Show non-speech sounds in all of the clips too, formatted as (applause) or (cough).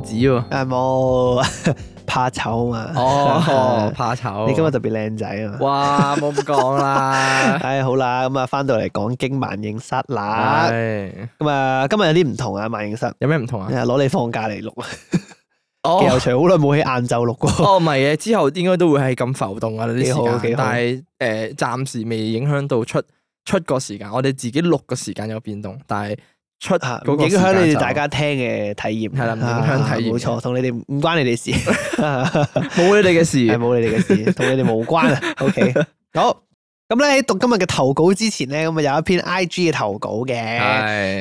紙喎，誒冇、哦啊，怕醜啊，哦，怕醜、啊。你今日特別靚仔啊！哇，冇咁講啦，唉、 (laughs) (laughs) 哎，好啦，咁啊翻到嚟講經萬應室喇，咁啊、哎、今日有啲唔同啊，萬應室，有咩唔同啊？攞你、啊、放假嚟錄啊！ (laughs) 有有錄哦，又除好耐冇喺晏晝錄過。哦，唔係嘅，之後應該都會係咁浮動啊啲時間，但係誒暫時未影響到出出個時間，我哋自己錄個時間有變動，但係。出影響你哋大家聽嘅體驗。係 (noise) 啦樂，影響體驗，冇錯，同你哋唔關 (laughs) (laughs) 你哋事， (laughs) 事，冇你哋嘅事，冇你哋嘅事，同你哋冇關啊。OK，好。咁咧喺讀今日嘅投稿之前咧，咁啊有一篇 I G 嘅投稿嘅，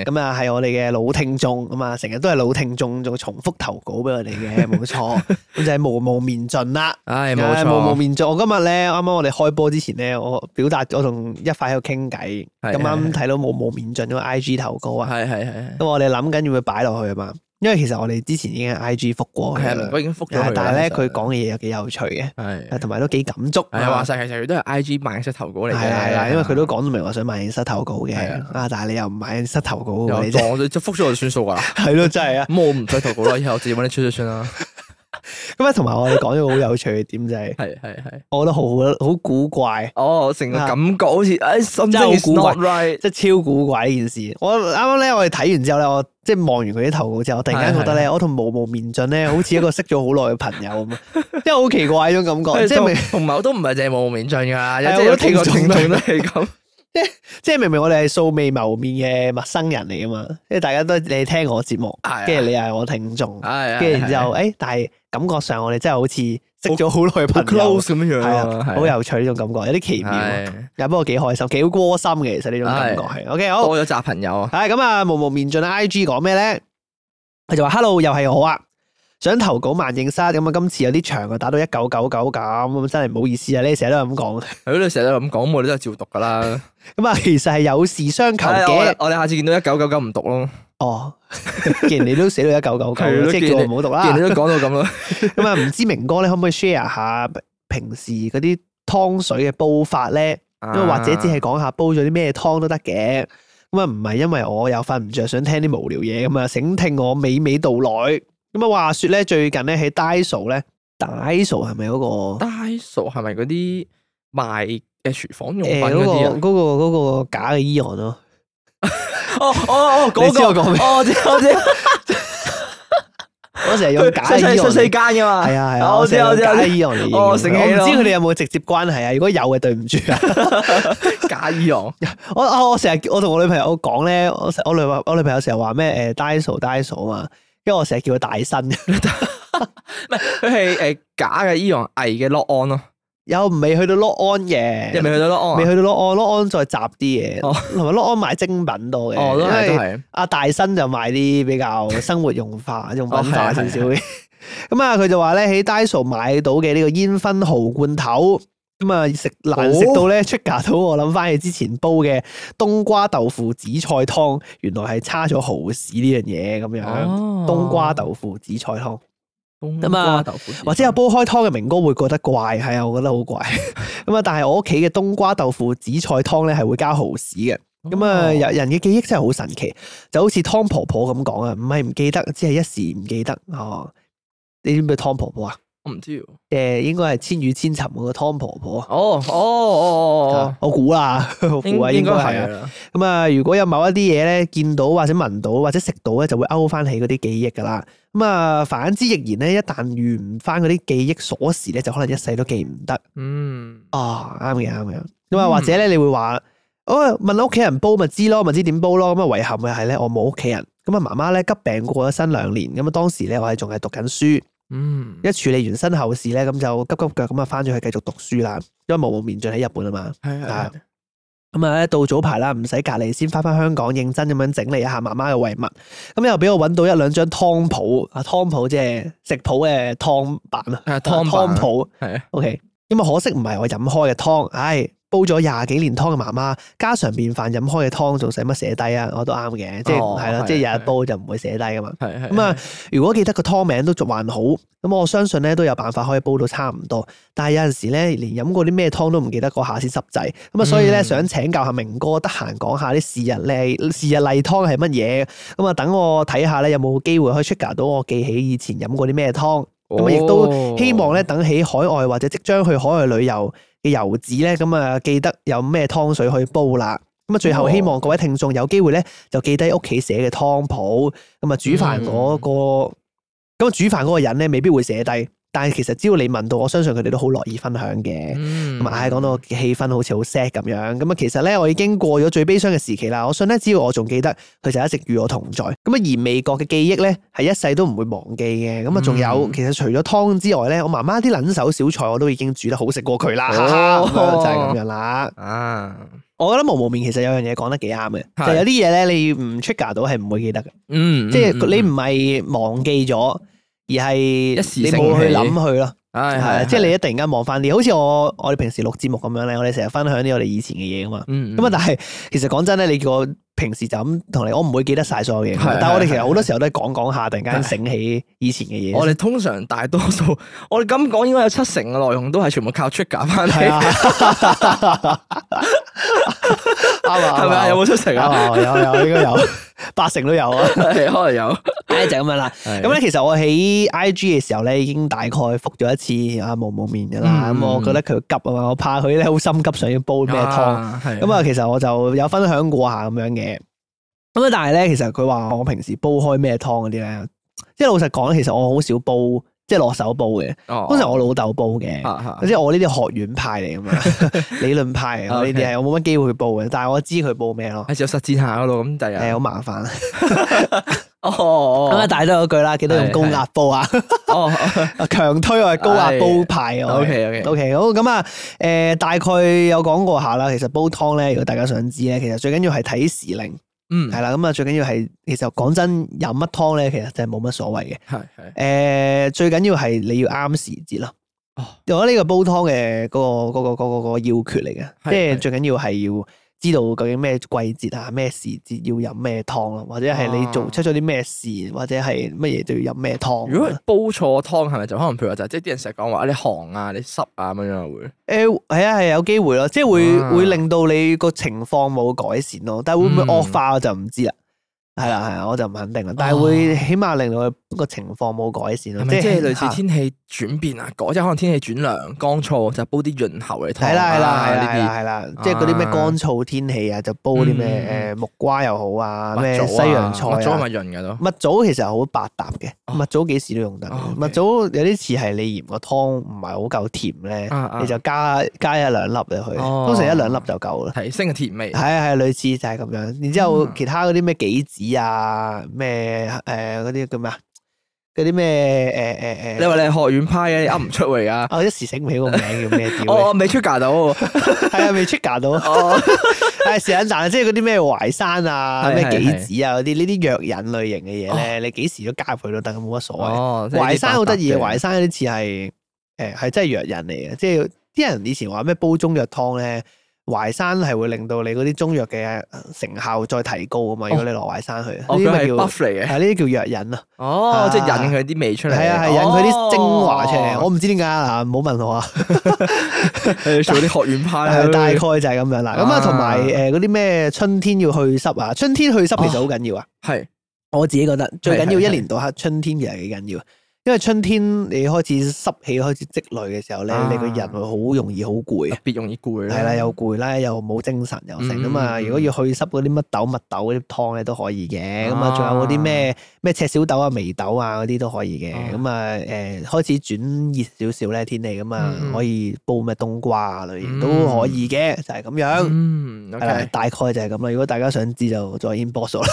咁啊係我哋嘅老聽眾啊嘛，成日都係老聽眾做重複投稿俾我哋嘅，冇錯， (laughs) 就係無無眠盡啦，係冇錯，無無眠盡，今呢剛剛我今日咧啱啱我哋開波之前咧，我表達咗同一發喺度傾偈，咁啱睇到無無眠盡嘅 I G 投稿啊，係係係，咁是我哋諗緊要唔要擺落去啊嘛。因為其實我哋之前已經 I G 覆過，係明哥已經覆咗佢，但係咧佢講嘅嘢又幾有趣嘅，係同埋都幾感觸。係話晒其實佢都係 I G 賣啲膝頭稿嚟嘅，係啦，因為佢都講到明話想買啲膝頭稿嘅。啊的，但係你又唔買啲膝頭稿，又撞就覆咗就算數啊？係咯， (laughs) 真係啊！咁、 (laughs) 嗯、我唔使投稿啦，以後自己搵你出就算啦。 (laughs) 咁啊，同埋我哋講咗個好有趣嘅點就係，係係係，我覺得好好 (laughs) 古怪哦，成個感覺好似誒、哎，心真係好古怪，即係超古怪呢件事。我啱啱咧，我哋睇完之後咧，我即係望完佢啲投稿之後，我突然間覺得咧，係係係我同無無眠盡咧，好似一個識咗好耐嘅朋友咁， (laughs) 即係好奇怪種感覺，即係同埋我都唔係淨係無無眠盡噶， (laughs) 有啲聽眾都係咁。 (laughs) 即係 (laughs) 明明我哋係素未謀面嘅陌生人嚟㗎嘛，即係大家都你聽我節目，係的，跟住你又係我聽眾，係的，跟住然之後，誒、欸，但係感覺上我哋真係好似識咗好耐朋友咁樣啊，好樣的的有趣呢種感覺，有啲奇妙，又的不過幾開心，幾窩心嘅其實呢種感覺係的，OK 好，多咗集朋友毛毛啊，係咁啊，無無眠盡 IG 講咩咧？佢就話 Hello，又係我啊。想投稿萬應室，咁啊！今次有啲長啊，打到一九九九咁，真係唔好意思啊！你成日都係咁講，係咯，你成日都咁講，咁我都真係照讀噶啦。咁啊，其實係有事相求嘅、哎。我哋下次見到一九九九唔讀咯。哦，既然你都寫到一九九九，即係叫我唔好讀啦。既然你都講到咁咯，咁 (laughs) 啊、 (laughs) 嗯，唔知明哥咧，可唔可以 share 下平時嗰啲湯水嘅煲法咧？啊、因或者只係講下煲咗啲咩湯都得嘅。咁啊，唔係因為我又瞓唔着，想聽啲無聊嘢，咁啊，請聽我娓娓道來。咁啊，話說咧，最近咧喺 Daiso 咧 Daiso、那個、Daiso 係咪嗰個？Daiso 係咪嗰啲賣嘅廚房用品嗰、欸那個？那個、那個假嘅 AEON 咯。哦哦哦，嗰個 (laughs) 哦，我知我知、e e，我成日用假嘅 AEON 噶嘛。係啊係啊，我成日假 AEON 嚟嘅。我唔知佢哋有冇直接關係啊。如果有嘅，對唔住啊，假 AEON。我我我成日我同我女朋友講咧，我我女我女朋友成日話咩誒 Daiso Daiso 啊嘛。因為我成日叫佢大新， (laughs) (laughs) 唔係佢係誒假嘅依然偽嘅 LOG-ON 咯，唔未去到 LOG-ON 嘅，又未去到 LOG-ON，未去到 LOG-ON (laughs) ，LOG-ON 再雜啲嘢，同埋 LOG-ON 買精品多嘅，都係阿大新就買啲比較生活用化 (laughs) 用品少啲。咁啊，佢就話咧喺 Daiso 買到嘅呢個煙熏蠔罐頭。咁啊，食難食到咧出牙土，哦 er、到我諗翻起之前煲嘅冬瓜豆腐紫菜湯，原來係差咗蚝豉呢樣嘢咁樣。哦、冬瓜豆腐紫菜湯，咁啊、哦，或者有煲開湯嘅明哥會覺得怪，係啊，我覺得好怪。咁啊，但係我屋企嘅冬瓜豆腐紫菜湯咧係會加蚝豉嘅。咁啊、哦，哦、人人嘅記憶真係好神奇，就好似湯婆婆咁講啊，唔係唔記得，只係一時唔記得哦。你知唔知湯婆婆啊？唔知誒，應該係千與千尋嗰個湯婆婆。哦哦哦，我估啦，估啊，應該係啦。咁啊，如果有某一啲嘢咧，見到或者聞到或者食到咧，就會勾翻起嗰啲記憶噶啦。咁啊，反之亦然咧。一旦遇唔翻嗰啲記憶鎖匙咧，就可能一世都記唔得。嗯，啊，啱嘅，啱嘅。咁啊，或者咧，你會話哦，問屋企人煲咪知咯，咪知點煲咯。咁啊，遺憾嘅係咧，我冇屋企人。咁啊，媽媽咧急病過咗身兩年。咁啊，當時咧我係仲係讀緊書。嗯，一處理完身後事咧，咁就急急腳咁啊，翻咗去繼續讀書啦，因為無無眠盡仲喺日本啊嘛，係係的，咁啊，到早排啦，唔使隔離，先翻返香港認真咁樣整理一下媽媽嘅遺物，咁又俾我揾到一兩張湯譜啊，湯譜即係食譜嘅湯版泡啦，湯湯譜係，OK，咁啊，可惜唔係我飲開嘅湯，唉、哎。煲咗廿幾年湯嘅媽媽，家常便飯飲開嘅湯，仲使乜寫低啊？我都啱嘅，哦、即係係啦，即係日日煲就唔會寫低噶嘛。咁啊、哦，如果記得個湯名都仲還好，咁我相信咧都有辦法可以煲到差唔多。但係有陣時咧，連飲過啲咩湯都唔記得嗰下先濕滯，咁啊，所以咧想請教下明哥，得閒講下啲是日例。是日例湯係乜嘢？咁啊，等我睇下咧有冇機會可以出格到我記起以前飲過啲咩湯。咁啊、哦，哦、亦都希望咧等起海外或者即將去海外旅遊。油紙咧，咁啊記得有咩湯水去煲啦。咁啊，最後希望各位聽眾有機會咧，就記低屋企寫嘅湯譜。咁啊，煮飯嗰個，咁煮飯嗰個人咧，未必會寫低。但係其實只要你問到，我相信佢哋都好樂意分享嘅。同埋講到氣氛好似好 sad 咁樣，咁啊其實咧我已經過咗最悲傷嘅時期啦。我信咧只要我仲記得，佢就一直與我同在。咁啊而美國嘅記憶咧係一世都唔會忘記嘅。咁啊仲有其實除咗湯之外咧，我媽媽啲撚手小菜我都已經煮得好食過佢啦。就係咁樣啦。啊，我覺得無無眠盡其實有樣嘢講得幾啱嘅，係，就有啲嘢咧你唔 trigger 到係唔會記得嘅。嗯嗯嗯，即係你唔係忘記咗。而係，係係係係你冇去諗佢咯。係係，即係你一突然間望翻啲，好似是我我哋平時錄節目咁樣咧，我哋成日分享啲我哋以前嘅嘢㗎嘛。咁啊，但係其實講真咧，你叫我。平時就咁同你，我唔會記得晒所有嘢。但係我哋其實好多時候都係講講下，突然間醒起以前嘅嘢。我哋通常大多數，我哋咁講應該有七成嘅內容都係全部靠出格翻。睇啊，係咪有冇七成啊？有有應該有八成都有啊，可能有。就咁樣啦。咁咧，其實我喺 IG 嘅時候咧，已經大概覆咗一次阿毛毛面噶啦。咁我覺得佢急啊嘛，我怕佢咧好心急，想要煲咩湯。咁啊，其實我就有分享過下咁樣嘅。咁但係咧，其實佢話我平時煲開咩湯嗰啲咧，即係老實講，其實我好少煲，即係落手煲嘅。通常我老豆煲嘅，即係我呢啲學院派嚟噶嘛，理論派嚟，我呢啲係冇乜機會去煲嘅。但係我知佢煲咩咯，係做實踐下嗰度咁。第日好麻煩。哦，咁啊！但係都嗰句啦，記得用高壓煲啊。哦，強推我係高壓煲派。O K，O K，O K，好咁啊。誒，大概有講過下啦。其實煲湯咧，如果大家想知咧，其實最緊要係睇時令。嗯，係啦，咁啊最緊要係，其實講真，飲乜湯咧，其實真係冇乜所謂嘅。係係是是、呃，誒，最緊要係你要啱時節啦。哦，我覺得呢個煲湯嘅嗰個、嗰個、嗰個、嗰個要訣嚟嘅，是是即係最緊要係要。知道究竟咩季節啊，咩時節要飲咩湯咯，或者係你做出咗啲咩事，或者係乜嘢就要飲咩湯。如果係煲錯湯，係咪就可能譬如話就、呃、即係啲人成日講話啲寒啊、你濕啊咁樣啊會。誒係啊係有機會咯，即係會會令到你個情況冇改善咯，但係會唔會惡化我就唔知啦。係啦係啦，我就唔肯定啦，但係會起碼令到。個情況冇改善，即係類似天氣轉變啊，嗰陣可能天氣轉涼，乾燥就煲啲潤喉嘅湯。係啦係啦，係啦係啦，即係嗰啲咩乾燥天氣啊，就煲啲咩木瓜又好啊，咩西洋菜啊。蜜棗係咪潤噶都？蜜棗其實好百搭嘅，蜜棗幾時都用得。蜜棗有啲時係你鹽個湯唔係好夠甜咧，你就加加一兩粒入去，通常一兩粒就夠啦，提升個甜味。係係類似就係咁樣，然之後其他嗰啲咩杞子啊，咩誒嗰啲叫咩啊？嗰啲咩誒誒誒，呃呃你話你係學院派你噏唔出嚟啊！我一時醒唔起個名叫咩叫？哦，未出格到， (laughs) (laughs) 係啊， (laughs) (laughs) 未出格到。哦，係時間，但即係嗰啲咩淮山啊、咩杞子啊嗰啲，呢啲藥引類型嘅嘢咧，哦、你幾時都加入去都得，冇乜所謂。淮山好得意，淮山呢次係誒係真係藥引嚟嘅，即係啲人以前話咩煲中藥湯咧。淮山係會令到你嗰啲中藥嘅成效再提高啊嘛！如果你落淮山去，呢啲咪叫，但係呢啲叫藥引啊。哦，即係引佢啲味出嚟。係啊，係引佢啲精華出嚟。我唔知點解，嗱，唔好問我啊。係做啲學院派，大概就係咁樣啦。咁啊，同埋誒嗰啲咩春天要去濕啊？春天去濕其實好緊要啊。係，我自己覺得最緊要一年到黑春天其實幾緊要。因為春天你開始濕氣開始積累嘅時候咧，啊、你個人會好容易好攰，別容易攰啦，係啦又攰啦，又冇精神又成。咁啊、嗯嗯、如果要去濕嗰啲乜豆乜豆嗰啲湯咧都可以嘅，咁啊仲有嗰啲咩咩赤小豆啊眉豆啊嗰啲都可以嘅，咁啊誒開始轉熱少少咧天氣，咁啊可以煲咩冬瓜類型都可以嘅，就係、是、咁樣，嗯、okay. 大概就係咁啦。如果大家想知就再 inbox 啦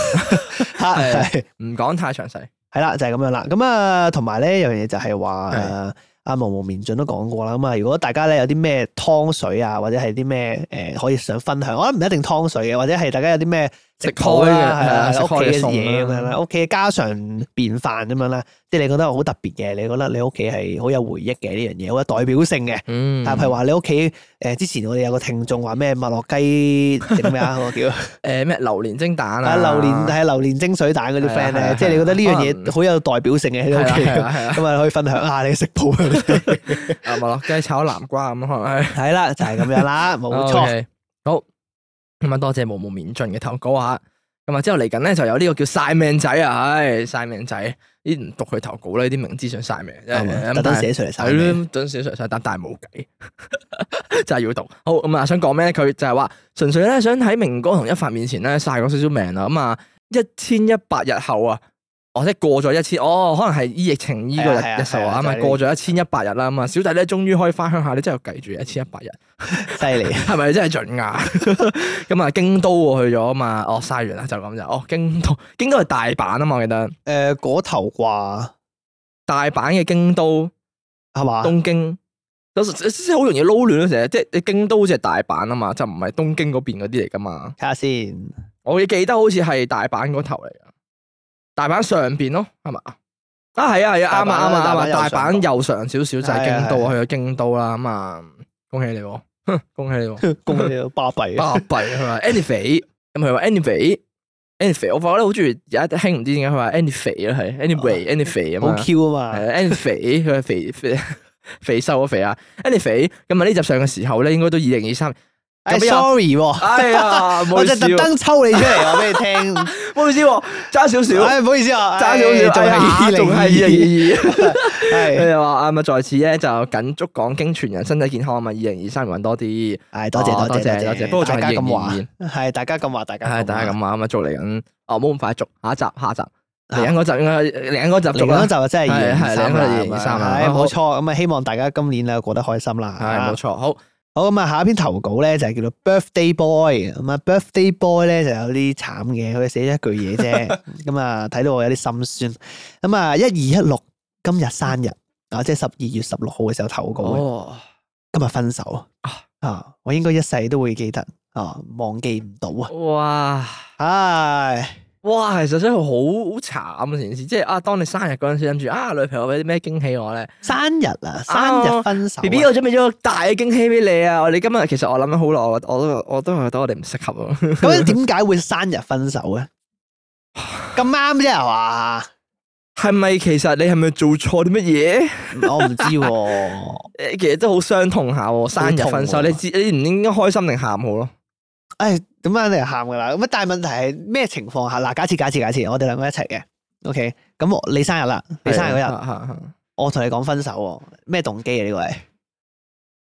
(laughs) (laughs) 唔講太詳細。係啦，就係、是、咁樣啦。咁的啊，同埋咧，有樣嘢就係話，阿無無眠盡都講過啦。咁啊，如果大家咧有啲咩湯水啊，或者係啲咩誒可以想分享，我覺得唔一定湯水嘅，或者係大家有啲咩。食譜啦，係啊，屋企嘅嘢咁樣啦，屋企嘅家常便飯咁樣啦，即係你覺得好特別嘅，你覺得你屋企係好有回憶嘅呢樣嘢，好有代表性嘅，嗯，但係話你屋企誒之前我哋有個聽眾話咩麥樂雞叫咩啊，叫誒咩榴蓮蒸蛋啊，榴蓮係榴蓮蒸水蛋嗰啲 friend 咧，即係你覺得呢樣嘢好有代表性嘅喺屋企，咁啊可以分享下你嘅食譜啊，麥樂雞炒南瓜咁啊，係啦，就係咁樣啦，冇錯，好。咁啊，多謝無無眠盡嘅投稿啊！咁啊，之後嚟緊咧就有呢個叫晒命仔啊，唉，晒命仔，呢唔，哎，讀佢投稿咧，呢啲明知想晒命，哦，是特登寫出嚟晒。係咯但，想寫出嚟，出出但係冇計， (laughs) 就係要讀。好，咁啊，想講咩咧？佢就係話，純粹咧想喺明哥同一發面前咧晒嗰少少命啦。咁啊，一千一百日後啊。哦，即係過咗一千，哦，可能係依疫情依個日數啊嘛，啊啊就是、過咗一千一百日啦咁嘛，小弟咧終於可以翻鄉下咧，你真係要計住一千一百日，犀利，係 (laughs) 咪厲害 真係準啊？咁啊，京都去咗啊嘛，哦，晒完啦就咁就，哦，京都京都係大阪啊嘛，我記得誒，嗰、呃、頭啩，大阪嘅京都係嘛？東京有吧時好容易撈亂咯，成日即係你京都就係大阪啊那那嘛，就唔係東京嗰邊嗰啲嚟噶嘛？睇下先，我記得好似係大阪嗰頭嚟噶。大阪上邊咯，係嘛？啊，係啊，係啊，啱啊，啱啊，啱啊！大阪右上少少就係京都啊，去咗京都啦，咁啊，恭喜你哦！恭喜你哦！恭喜你，巴閉巴閉係嘛？any 肥咁佢話 any 肥 any 肥，我發覺咧好中意，而家興，唔知點解佢話 any 肥啦，係 anyway any 肥好 Q 啊嘛，any 肥佢係肥肥肥瘦咗肥啊 any 肥，咁啊呢集上嘅時候咧，應該都二零二三。sorry，哎我就特登抽你出嚟，話俾你聽，唔好意思，揸少少，唔好意思，揸少少，仲係二零二二，佢哋話啊，咪在此咧就緊祝講經全人身體健康啊，咪二零二三揾多啲，係多謝多謝多謝，不過大家咁話，係大家咁話，大家係大家咁話，咁啊續嚟緊，哦，唔咁快續，下一集下集，嚟緊嗰集應該嚟緊集，嚟緊嗰集啊，真係二零二三二零二三冇錯，咁啊希望大家今年咧過得開心啦，係冇錯，好。好咁啊，下一篇投稿咧就係叫做 Birthday Boy，咁啊 Birthday Boy 咧就有啲慘嘅，佢寫咗一句嘢啫，咁啊睇到我有啲心酸，咁啊一二一六今日生日，啊即係十二月十六號嘅時候投稿，哦、今日分手啊，啊我應該一世都會記得，啊忘記唔到啊，哇唉。哇，其實真係好好慘，成件事，即係啊，當你生日嗰陣時諗住啊，女朋友俾啲咩驚喜我咧？生日啊，生日分手，啊。B B，啊、我準備咗個大驚喜俾你啊！你今日其實我諗咗好耐，我我都我都覺得我哋唔適合咯。咁點解會生日分手咧？咁啱啫係話？係咪其實你係咪做錯啲乜嘢？我唔知，啊， (laughs) 其實都好傷痛下，生日分手，嗯、你知你唔應該開心定喊好咯？誒，咁啊，你喊噶啦，咁但係問題係咩情況下？嗱，假設假設假設，我哋兩個一齊嘅，OK，咁你生日啦，你生日嗰日，我同你講分手喎，咩動機啊？呢個係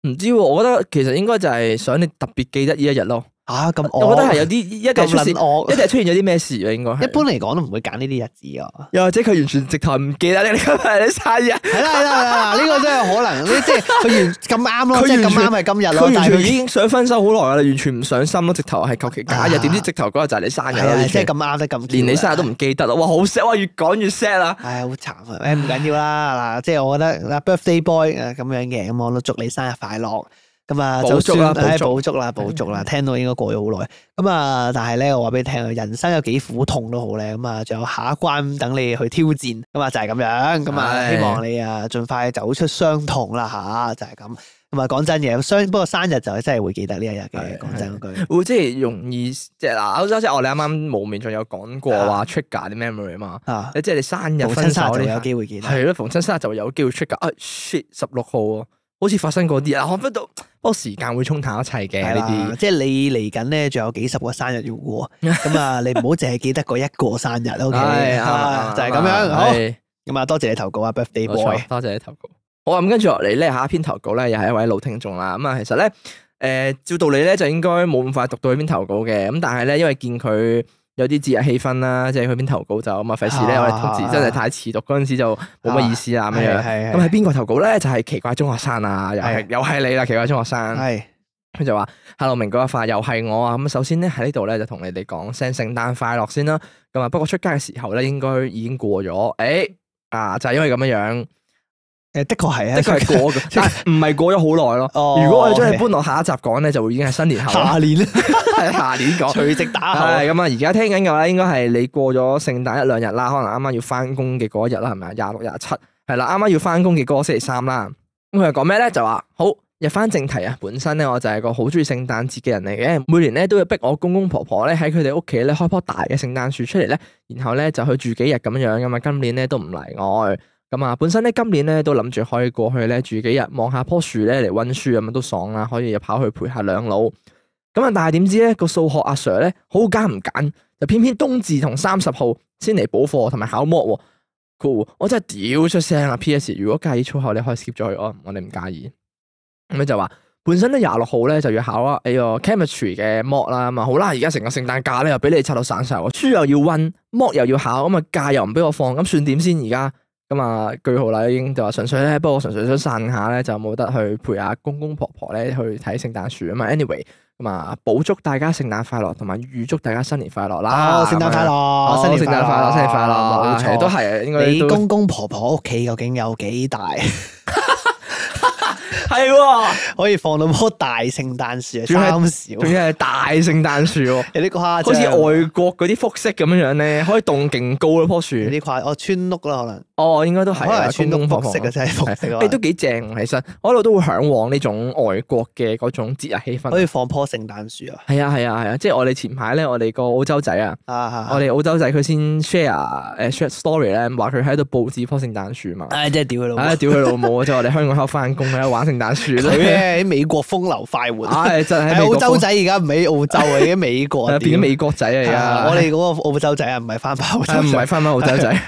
唔知喎，我覺得其實應該就係想你特別記得呢一日咯。啊咁，我覺得係有啲一陣出事，一陣出現咗啲咩事啊？應該一般嚟講都唔會揀呢啲日子㗎。又或者佢完全直頭唔記得你今日係你生日。係啦係啦係啦，嗱呢個真係可能，呢即係佢完咁啱咯。佢咁啱係今日咯，佢完全已經想分手好耐啦，完全唔上心咯，直頭係求其揀日。點知直頭嗰日就係你生日啊！即係咁啱得咁，連你生日都唔記得咯。哇，好 sad！越講越 sad 啦。唉，好慘啊！誒，唔緊要啦。嗱，即係我覺得 Birthday Boy 咁樣嘅，咁我都祝你生日快樂。咁啊，補足啦，補足啦，補足啦！聽到應該過咗好耐。咁啊，但係咧，我話俾你聽人生有幾苦痛都好咧。咁、嗯、啊，仲有下一關等你去挑戰。咁啊，就係、是、咁樣。咁、嗯、啊，希望你啊，盡快走出傷痛啦，吓就係咁。咁啊，講真嘢，生不過生日就真係會記得呢一日嘅。講是的 真句，會的即係容易，即係嗱，歐洲即我哋啱啱無面仲有講過話出街啲 memory 啊嘛。啊的，即係你生日分手就有機會見到。係咯，逢親生日就會有機會出街。s h i t 十六號啊，shit, 好似發生嗰啲啊，看不到。嗰時間會沖淡一切嘅，呢啲這些、啊、即係你嚟緊咧，仲有幾十個生日要過，咁啊， (laughs) 你唔好淨係記得嗰一個生日，O K，就係咁樣，啊、好，咁啊是、嗯，多謝你投稿啊 Birthday Boy，多謝你投稿。好啊，咁跟住落嚟咧，下一篇投稿咧，又係一位老聽眾啦。咁啊，其實咧，誒、呃，照道理咧就應該冇咁快讀到呢篇投稿嘅，咁但係咧，因為見佢。有啲節日氣氛啦，即係去邊投稿就咁啊，費事咧通知真係太遲讀，嗰陣時就冇乜意思啦啊咁樣。咁係邊個投稿咧？就係、是、奇怪中學生啊，的又係又係你啦，奇怪中學生。係的，佢就話的 hello 明哥一發，又係我啊。咁首先咧喺呢度咧就同你哋講聲聖誕快樂先啦。咁啊，不過出街嘅時候咧應該已經過咗。誒、欸，啊，就係、是、因為咁樣樣。誒，的確係， (laughs) 的確係 (laughs) 過，但係唔係過咗好耐咯。如果我哋將你搬落下一集講咧， (laughs) 就已經係新年後下年，係 (laughs) (laughs) 下年講除即夕打、啊。係咁啊！而家聽緊嘅話，應該係你過咗聖誕一兩日啦，可能啱啱要翻工嘅嗰一日啦，係咪？廿六、廿七，係啦，啱啱要翻工嘅嗰個星期三啦。咁佢係講咩咧？就話好入翻正題啊！本身咧，我就係個好中意聖誕節嘅人嚟嘅，每年咧都要逼我公公婆婆咧喺佢哋屋企咧開棵大嘅聖誕樹出嚟咧，然後咧就去住幾日咁樣噶嘛。今年咧都唔例外。本身今年咧都諗住可以過去咧住幾日看看，望下樖樹咧嚟溫書咁啊都爽啦，可以又跑去陪下兩老。咁啊，但係點知咧個數學阿 Sir 咧好揀唔揀，就偏偏冬至同三十號先嚟補課同埋考 Mock。我真係屌出聲啊！P.S. 如果介意粗口，你可以 skip 咗佢哦，我哋唔介意。咁、嗯、啊就話本身咧廿六號咧就要考啊、嗯，哎呦 chemistry 嘅 Mock 啦啊好啦，而家成個聖誕假咧又俾你拆到散晒，書又要溫，Mock 又要考，咁啊假又唔俾我放，咁算點先而家？咁啊句號啦，已經就話純粹咧，不過純粹想散下咧，就冇得去陪阿公公婆婆咧去睇聖誕樹啊嘛。Anyway，咁啊，補祝大家聖誕快樂，同埋預祝大家新年快樂啦！聖誕、哦、快樂吧、哦，新年快樂，新年快樂，都係，都係。你公公婆婆屋企究竟有幾大？ (laughs) 係、 (laughs) 啊，可以放到棵大聖誕樹啊！主要係主要係大聖誕樹喎， (laughs) 有啲誇張，好似外國嗰啲複式咁樣樣咧，可以棟勁高嗰棵樹，有啲誇哦，村屋啦可能，哦應該都係可能村屋複式嘅真係複式，誒都幾正其實，我一路都會向往呢種外國嘅嗰種節日氣氛，可以放棵聖誕樹啊！係啊係啊係啊，啊啊即係我哋前排咧，我哋個澳洲仔啊，啊啊我哋澳洲仔佢先 share 誒 share story 咧，話佢喺度布置棵聖誕樹嘛，哎真係屌佢老，哎屌佢老母即係我哋香港喺度翻工咧玩。 (laughs) 聖誕樹咧，喺美國風流快活。真係，澳洲仔而家唔喺澳洲啊，喺美國。變咗美國仔啊！而家我哋嗰個澳洲仔唔係翻翻，唔係翻翻澳洲仔，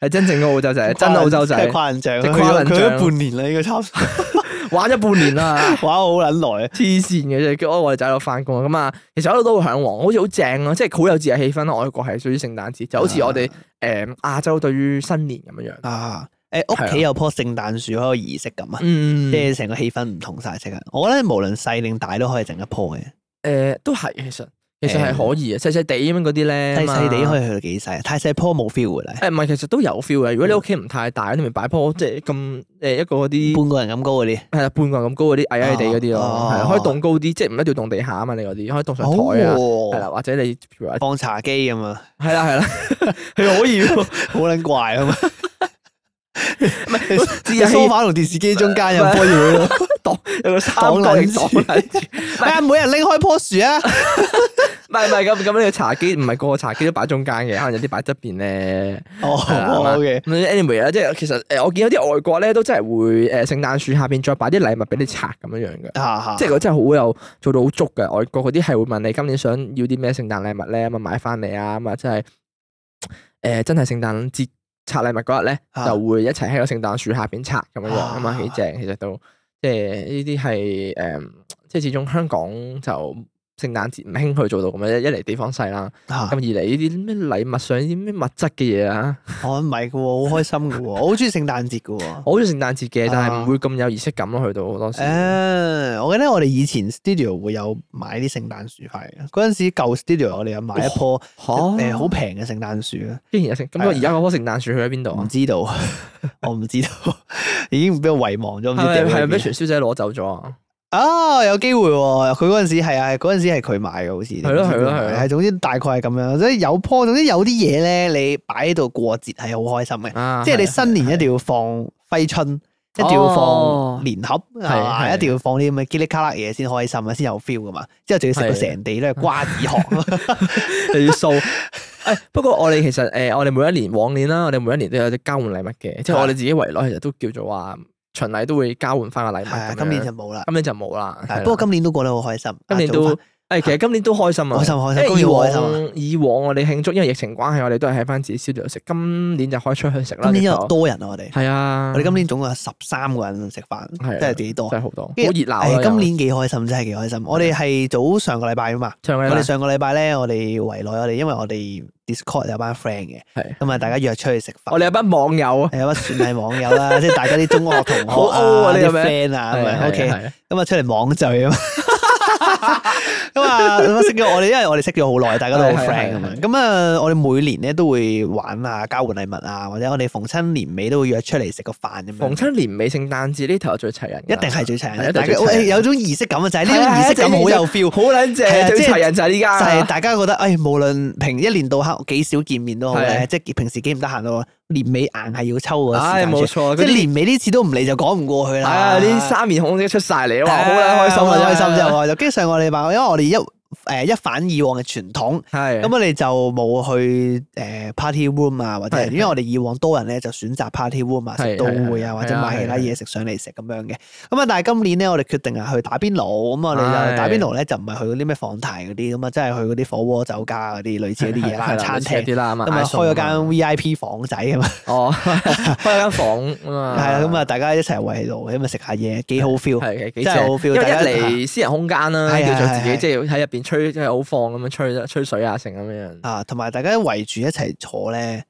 係真正嘅澳洲仔，真澳洲仔。誇張，着佢咗半年啦，呢該差玩咗半年啦，玩好撚耐，黐線嘅啫。叫我哋仔喺度翻工咁啊，其實喺度都會向往，好似好正咯，即係好有節日氣氛咯。外國係對於聖誕節就好似我哋誒亞洲對於新年咁樣樣啊。誒，屋企有棵聖誕樹喺度儀式咁啊，即係成個氣氛唔同晒即啊。我覺得無論細定大都可以整一棵嘅。誒，都係其實其實係可以啊。細細地咁嗰啲咧，細細地可以去到幾細啊？太細棵冇 feel 嘅咧。誒，唔係，其實都有 feel 嘅。如果你屋企唔太大，你咪擺棵即係咁誒一個嗰啲半個人咁高嗰啲，係啦，半個人咁高嗰啲矮矮地嗰啲咯，係啦，可以凍高啲，即係唔一定要凍地下啊嘛。你嗰啲可以凍上台啊，係啦，或者你譬如話放茶幾咁啊，係啦係啦，佢可以，好捻怪啊嘛～唔係，只 (laughs) 梳化同電視機中間有棵樹，當有個衫領，當領。唔係，每人拎開棵樹啊 (laughs) 唔係唔係咁咁樣，這個茶几唔係個個茶几都擺中間嘅，可能有啲擺側邊咧。哦，好嘅吧。anyway 啦、哦，即係其實誒，我見有啲外國咧都真係會誒，聖誕樹下邊再擺啲禮物俾你拆咁樣樣嘅。吓吓、啊，即係佢真係好有做到好足嘅。外國嗰啲係會問你今年想要啲咩聖誕禮物咧，咁啊買翻嚟啊，咁啊真係誒，真係聖誕節。拆禮物嗰日咧，啊、就會一齊喺個聖誕樹下面拆咁樣樣，咁啊幾正。其實都即係呢啲係誒，即係始終香港就。聖誕節唔興去做到咁樣，一嚟地方細啦，咁二嚟呢啲咩禮物上啲咩物質嘅嘢啊？我唔係噶，好開心噶，我好中意聖誕節噶，我好中意聖誕節嘅，但係唔會咁有儀式感咯，去到好多時，啊。我記得我哋以前 studio 會有買啲聖誕樹，係嗰陣時舊 studio 我哋有買一棵好平嘅聖誕樹啊，依有聖。咁我而家嗰棵聖誕樹去咗邊度啊？唔知道， (laughs) 我唔知道，已經俾我遺忘咗，唔的知係係俾傳銷姐攞走咗啊？啊，oh, 有機會喎，哦！佢嗰陣時係啊，係嗰陣時係佢買嘅，好似係咯係咯係，係總之大概係咁樣，所以有棵，總之有啲嘢咧，你擺喺度過節係好開心嘅，啊、即係你新年一定要放揮春，啊、一定要放年盒啊，的一定要放啲咁嘅吉利卡啦嘢先開心啊，先有 feel 噶嘛，之後仲要食到成地都係瓜子殼，就要掃，哎。不過我哋其實誒、呃、我哋每一年往年啦，我哋每一年都有啲交換禮物嘅，的 (laughs) 即係我哋自己圍內其實都叫做話。循例都會交換翻個禮物，的樣今年就冇啦。今年就冇啦，不過今年都過得好開心。今年都。誒，其實今年都開心啊！開心開心，因為以往以往我哋慶祝，因為疫情關係，我哋都係喺返自己 studio 度食。今年就可以出去食啦。今年又多人，我哋係啊！我哋今年總共有十三個人食飯，係真係幾多，真係好多，好熱鬧啊！今年幾開心，真係幾開心。我哋係早上個禮拜啊嘛，我哋上個禮拜咧，我哋圍內我哋，因為我哋 Discord 有班 friend 嘅，係咁啊，大家約出去食飯。我哋有班網友啊，有班算係網友啦，即係大家啲中學同學啊，啲 friend 啊咁啊，OK，咁啊出嚟網聚啊嘛～咁啊，識咗我哋，因為我哋識咗好耐，大家都好 friend 咁樣。咁啊，我哋每年咧都會玩啊，交換禮物啊，或者我哋逢親年尾都會約出嚟食個飯咁，逢親年尾、聖誕節呢頭係最齊人，一定係最齊人。是但係是我係有種儀式感，就係呢種儀式感好有 feel，好靚正。就是、是最齊人就係呢家，就係大家覺得，誒、哎，無論平一年到黑幾少見面都好，即係的平時幾唔得閒咯。年尾硬係要抽喎、哎，唉冇錯，即係年尾呢次都唔嚟就講唔過去啦、哎呀。係啊，呢、啊、三面孔已經出晒嚟，哇好、哎、呀開心啊、哎呀，開心真係開心，跟住上個禮拜，哎呀又。誒，一反以往嘅傳統，咁我哋就冇去誒 party room 啊，或者，因為我哋以往多人咧就選擇 party room 啊食到會啊，或者買其他嘢食上嚟食咁樣嘅。咁啊，但係今年咧，我哋決定啊去打邊爐，咁我哋又打邊爐咧就唔係去嗰啲咩放題嗰啲，咁啊，即係去嗰啲火鍋酒家嗰啲類似嗰啲嘢餐廳啲啦，咁啊，開咗間 VIP 房仔啊嘛，開咗間房啊係啊，咁啊大家一齊圍喺度，咁啊食下嘢幾好 feel，係幾好 feel，因為一嚟私人空間啦，叫做自己即係喺入邊。吹即係好放咁樣吹吹水啊，成咁樣。啊，同埋大家圍住一齊坐咧，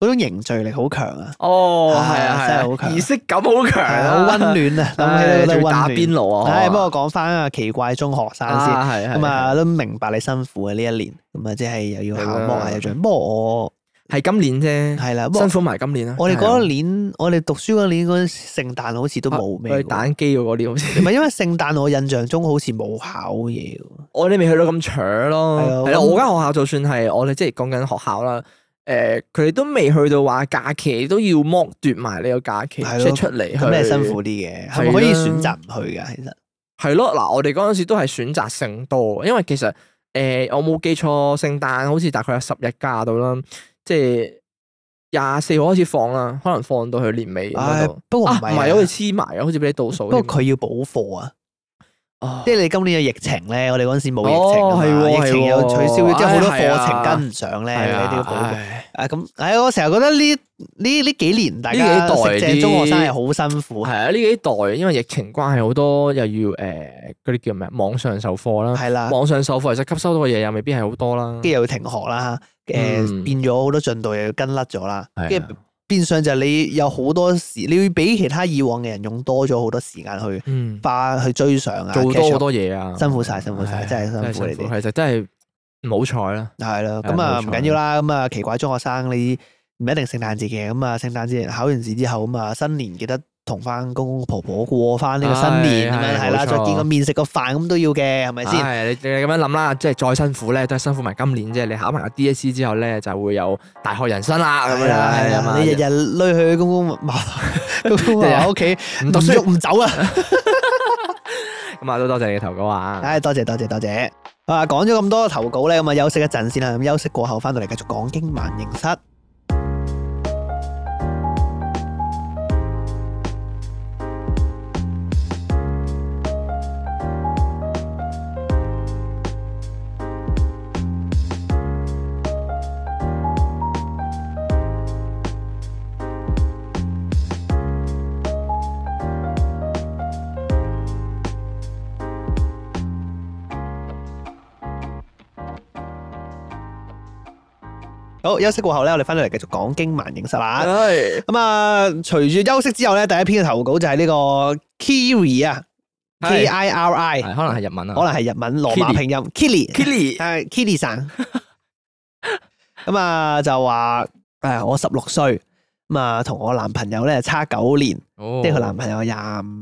嗰種凝聚力好強啊！哦，係啊，係啊，真係好強，儀式感好強，好溫暖啊！諗起都打邊爐啊！唉，不過講翻啊，奇怪中學生先，咁啊都明白你辛苦嘅呢一年，咁啊即係又要考 Mock 啊，又不摸我。係今年啫，係啦，辛苦埋今年啦。我哋嗰年，我哋讀書嗰年嗰陣，聖誕好似都冇咩，去打機嗰嗰年好似。唔係因為聖誕，我印象中好似冇考嘢。我哋未去到咁長咯。係啦，我間學校就算係我哋即係講緊學校啦。誒，佢哋都未去到話假期都要剝奪埋呢個假期，即係出嚟係咩辛苦啲嘅？係咪可以選擇唔去嘅？其實係咯，嗱，我哋嗰陣時都係選擇性多，因為其實誒，我冇記錯，聖誕好似大概有十日假到啦。即係廿四號開始放啦，可能放到去年尾嗰度。啊，唔係，好似黐埋啊，好似俾你倒數。不過佢要補課啊，即係你今年嘅疫情咧，我哋嗰陣時冇疫情，疫情又取消，即係好多課程跟唔上咧，你都要補課。誒，咁，誒，我成日覺得呢呢呢幾年，大家呢幾代嘅中學生係好辛苦。係啊，呢幾代因為疫情關係，好多又要誒嗰啲叫咩啊？網上授課啦，係啦，網上授課其實吸收到嘅嘢又未必係好多啦，跟住又要停學啦，誒，嗯、變咗好多進度又要跟甩咗啦，跟住變相就你有好多時，你會比其他以往嘅人用多咗好多時間去化去追上，嗯、做多好多嘢啊辛，辛苦晒，哎、呀辛苦晒，真係辛苦其實真係。唔好彩啦，係啦，咁啊唔緊要啦，咁啊奇怪中學生，你唔一定聖誕節嘅，咁啊聖誕節考完試之後，咁啊新年記得同翻公公婆婆過翻呢個新年，係啦，再見個面食個飯咁都要嘅，係咪先？你你咁樣諗啦，即係再辛苦咧，都係辛苦埋今年即啫。你考埋個 DSE 之後咧，就會有大學人生啦，咁樣啦。你日日攞去公公嫲嫲屋企，唔讀書唔走啊！咁啊，都多謝，謝你嘅投稿啊！唉、哎，多謝多謝多謝。啊，講咗咁多投稿咧，咁啊，休息一陣先啦。咁休息過後翻到嚟繼續講經萬應室。休息過後咧，我哋翻到嚟繼續講經萬應室啦。係咁啊！隨住休息之後咧，第一篇嘅投稿就係呢個 Kiri 啊，K, iri, K I R I，可能係日文啊，可能係日文羅馬拼音 Kiri，Kiri，係 Kiri 生。咁啊， (laughs) 就話誒、哎，我十六歲，咁啊，同我男朋友咧差九年，即係佢男朋友廿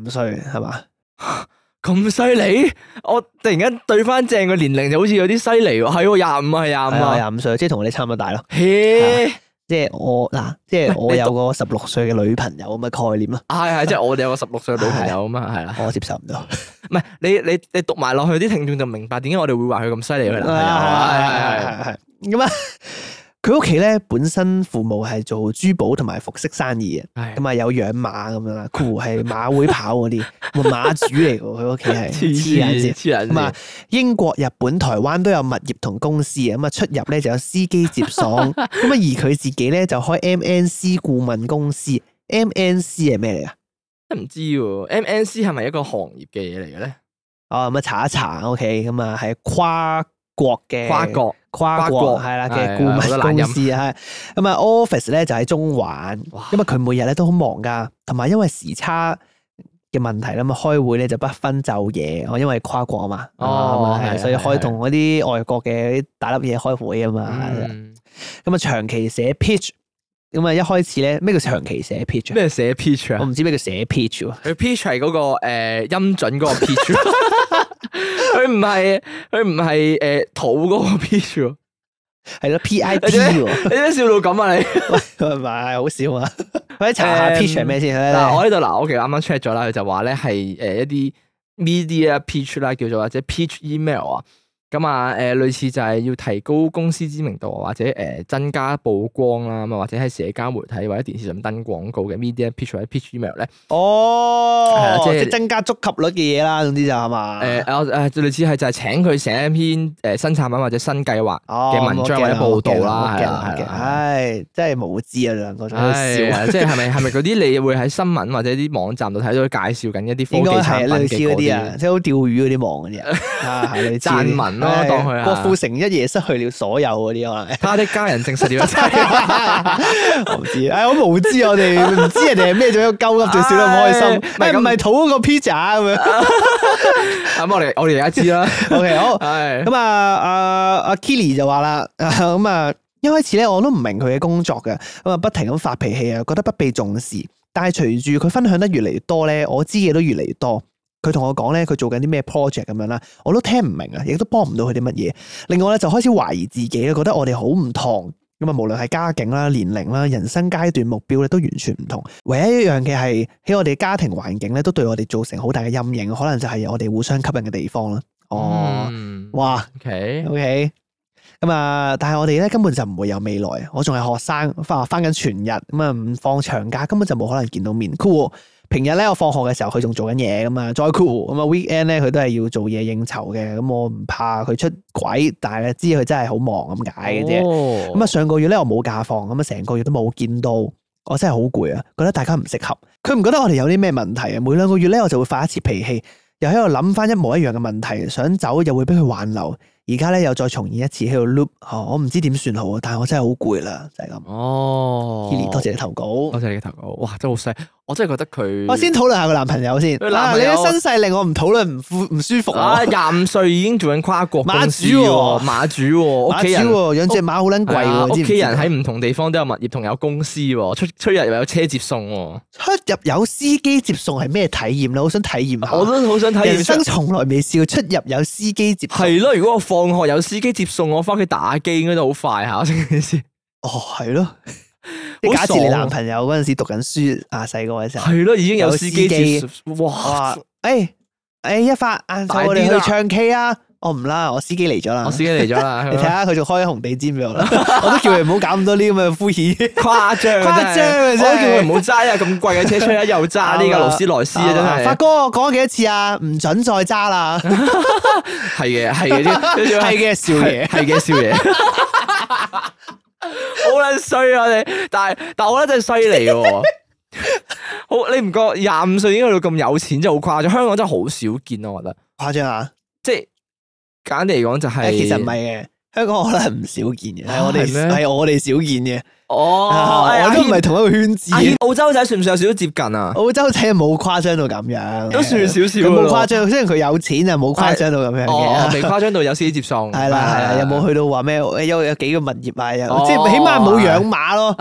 五歲，係嘛？ (laughs) 咁犀利？我突然間對翻正個年齡就好似有啲犀利喎。係、嗯，廿五係廿五啊，廿五歲，即係同你差唔多大咯。即係、 (noise) 就是、我嗱，即、啊、係、就是、我有個十六歲嘅女朋友咁嘅概念啊。係係、欸，即係、 (laughs) 就是、我哋有個十六歲嘅女朋友啊嘛，係啦對。對我接受唔到，唔係 (laughs) 你你你讀埋落去啲聽眾就明白點解我哋會話佢咁犀利啦。係係係係係咁啊！佢屋企咧本身父母係做珠寶同埋服飾生意嘅，咁啊是的 有養馬咁樣啦，佢係馬會跑嗰啲，馬主嚟嘅。佢屋企係黐人，黐人咁啊，英國、日本、台灣都有物業同公司嘅，咁啊出入咧就有司機接送。咁啊，而佢自己咧就開 MNC 顧問公司，MNC 係咩嚟噶？唔 (laughs) 知喎，MNC 係咪一個行業嘅嘢嚟嘅咧？哦，咁啊查一查，OK，咁啊係跨。國嘅跨國跨國係啦嘅顧問公司係咁啊，office 咧就喺中環，因為佢每日咧都好忙噶，同埋因為時差嘅問題啦嘛，開會咧就不分晝夜，我因為跨國啊嘛，哦，所以可以同嗰啲外國嘅大粒嘢開會啊嘛，咁啊長期寫 pitch，咁啊一開始咧咩叫長期寫 pitch？咩寫 pitch 啊？我唔知咩叫寫 pitch？佢 pitch 係嗰個誒音準嗰個 pitch。佢唔係，佢唔係誒，土嗰、呃、個 pitch 係咯 PIT 你都， (laughs) 笑到咁啊！你唔係好笑啊嗎？可 (laughs) 一查下 pitch 咩先嗱，我呢度嗱，我其實啱啱 check 咗啦，佢就話咧係誒一啲 media pitch 啦，叫做或者 pitch email 啊。咁啊，誒類似就係要提高公司知名度或者誒增加曝光啦，咁啊或者喺社交媒體或者電視上登廣告嘅 media pitch 或者 pitch email 咧。哦，即係增加觸及率嘅嘢啦，總之就係嘛。誒誒誒，類似係就係請佢寫一篇誒新產品或者新計劃嘅文章或者報道啦，係啦，係啦。唉，真係無知啊兩個。唉，即係係咪係咪嗰啲你會喺新聞或者啲網站度睇到介紹緊一啲科技產品嘅嗰啲啊，即係好釣魚嗰啲網嘅啫。啊，係，讚文。當佢啊！郭 (music) (music) 富城一夜失去了所有嗰啲，可能他的家人證實咗。我唔知，哎，我無知我，我哋唔知人哋係咩，仲有勾搭，仲笑得唔開心。唔係唔係討個 pizza 咁樣，哎。咁、 (laughs) 啊、我哋我哋而家知啦。 (laughs) OK，好。咁、哎嗯、啊，阿阿 kiri 就話啦，咁啊，一、啊嗯嗯嗯嗯、開始咧我都唔明佢嘅工作嘅，咁啊，不停咁發脾氣啊，覺得不被重視。但係隨住佢分享得越嚟越多咧，我知嘢都越嚟越多。佢同我講咧，佢做緊啲咩 project 咁樣啦，我都聽唔明啊，亦都幫唔到佢啲乜嘢。另外咧，就開始懷疑自己啊，覺得我哋好唔同咁啊，無論係家境啦、年齡啦、人生階段、目標咧，都完全唔同。唯一一樣嘅係喺我哋家庭環境咧，都對我哋造成好大嘅陰影，可能就係我哋互相吸引嘅地方啦。哦，嗯、哇，OK，OK，咁啊，okay. okay. 但係我哋咧根本就唔會有未來啊！我仲係學生，翻學翻緊全日，咁啊，唔放長假，根本就冇可能見到面。Cool。平日咧，我放學嘅時候佢仲做緊嘢咁啊，再 cool 咁啊，weekend 咧佢都係要做嘢應酬嘅，咁我唔怕佢出軌，但係咧知佢真係好忙咁解嘅啫。咁啊、哦，上個月咧我冇假放，咁啊成個月都冇見到，我真係好攰啊，覺得大家唔適合，佢唔覺得我哋有啲咩問題啊？每兩個月咧我就會發一次脾氣，又喺度諗翻一模一樣嘅問題，想走又會俾佢挽留，而家咧又再重現一次喺度 loop，我、哦、唔知點算好啊！但係我真係好攰啦，就係、是、咁。哦 kiri 多謝你投稿，多謝你嘅投稿，哇，真係好犀！我真係覺得佢，我先討論下個男朋友先。男朋友啊、你啲身世令我唔討論唔舒服、啊。廿五歲已經做緊跨國馬主、哦，馬主屋、哦、企人養隻馬好捻貴。屋企、啊、人喺唔同地方都有物業同有公司，出出，出入又有車接送、啊，出入有司機接送係咩體驗咧？好想體驗下。我都好想體驗。人生從來未試過出入有司機接送。係咯， (laughs) 如果我放學有司機接送我翻屋企打機，應該都好快吓。哦，係咯。假設你男朋友嗰陣時讀緊書啊，細個嗰時係咯，已經有司機哇！誒誒，一發晏晝我哋去唱 K 啊！我唔啦，我司機嚟咗啦，我司機嚟咗啦，你睇下佢仲開紅地氈俾我啦！我都叫佢唔好搞咁多呢咁嘅敷衍誇張誇張，咪先！我叫佢唔好揸啊，咁貴嘅車出啦，又揸呢個勞斯萊斯啊！真係，發哥我講咗幾多次啊？唔准再揸啦！係嘅，係嘅，係嘅，少爺，係嘅，少爺。好撚衰啊！你，但，但係但係我覺得真係犀利喎， (laughs) 好你唔覺廿五歲應該去到咁有錢，真係好誇張，香港真係好少見啊，我覺得。誇張啊！即係簡單嚟講就係、是，其實唔係嘅。香港可能唔少見嘅，係我哋係我哋少見嘅。哦，我都唔係同一個圈子。澳洲仔算唔算有少少接近啊？澳洲仔冇誇張到咁樣，都算少少。冇誇張，雖然佢有錢啊，冇誇張到咁樣嘅，未誇張到有少少接送。係啦係啦，有冇去到話咩有有幾個物業啊，即係起碼冇養馬咯。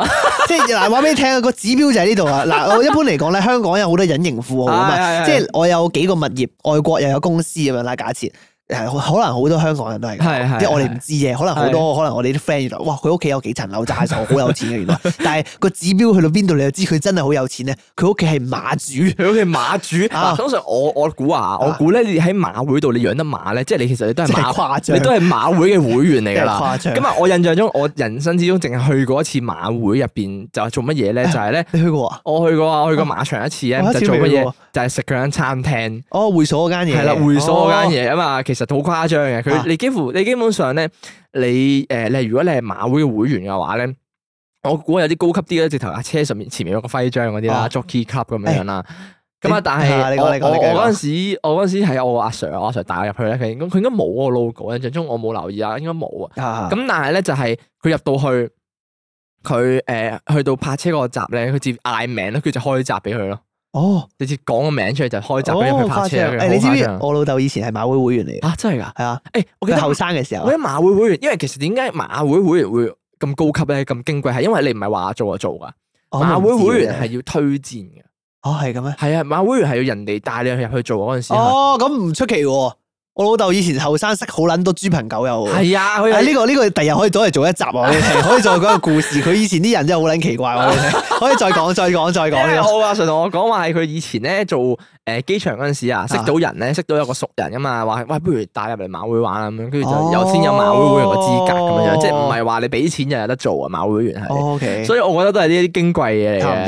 即係嗱，話俾你聽個指標就喺呢度啊。嗱，我一般嚟講咧，香港有好多隱形富豪啊嘛，即係我有幾個物業，外國又有公司咁樣啦，假設。可能好多香港人都係，即係我哋唔知嘅。可能好多可能我哋啲 friend 原來，哇佢屋企有幾層樓咋，就好有錢嘅原來。但係個指標去到邊度？你就知佢真係好有錢咧。佢屋企係馬主，佢屋企馬主。通常我我估啊，我估咧你喺馬會度你養得馬咧，即係你其實你都係馬誇張，你都係馬會嘅會員嚟㗎啦。誇張。咁啊，我印象中我人生之中淨係去過一次馬會入邊就係做乜嘢咧？就係咧，你去過啊？我去過去過馬場一次咧，就做乜嘢？就係食佢間餐廳。哦，會所嗰間嘢。係啦，會所嗰間嘢啊嘛，其實。就好誇張嘅，佢你幾乎你基本上咧，你誒，例如果你係馬會嘅會員嘅話咧，我估有啲高級啲咧，直頭阿車上面前面有個徽章嗰啲啦，Jockey Club 咁樣啦。咁啊，但係我我嗰時，我嗰陣時係我阿 Sir，阿 Sir 帶我入去咧，佢應，佢應該冇 logo 印象中我冇留意啊，應該冇啊。咁但係咧，就係佢入到去，佢誒去到泊車嗰閘咧，佢接嗌名咧，佢就開閘俾佢咯。哦，直接講個名出嚟，就開閘俾你爬車你知唔知？我老豆以前係馬會會員嚟嘅。啊真係噶？係啊，誒我記得後生嘅時候，我喺馬會會員。因為其實點解馬會會員會咁高級咧，咁矜貴，係因為你唔係話做就做噶，馬會會員係要推薦嘅。哦係咁樣？係、哦、啊，馬會員係要人哋帶你入去做嗰陣時，哦咁唔出奇喎、啊。我老豆以前後生識好捻多豬朋狗友。係啊，佢。呢個呢個第日可以早嚟做一集啊，可以再講個故事。佢以前啲人真係好捻奇怪，可以再講再講再講。好啊，Sir 同我講話係佢以前咧做誒機場嗰陣時啊，識到人咧，識到有個熟人噶嘛，話喂，不如打入嚟馬會玩咁樣，跟住就有先有馬會會員嘅資格咁樣，即係唔係話你俾錢就有得做啊，馬會員係。O K。所以我覺得都係呢啲矜貴嘅。差唔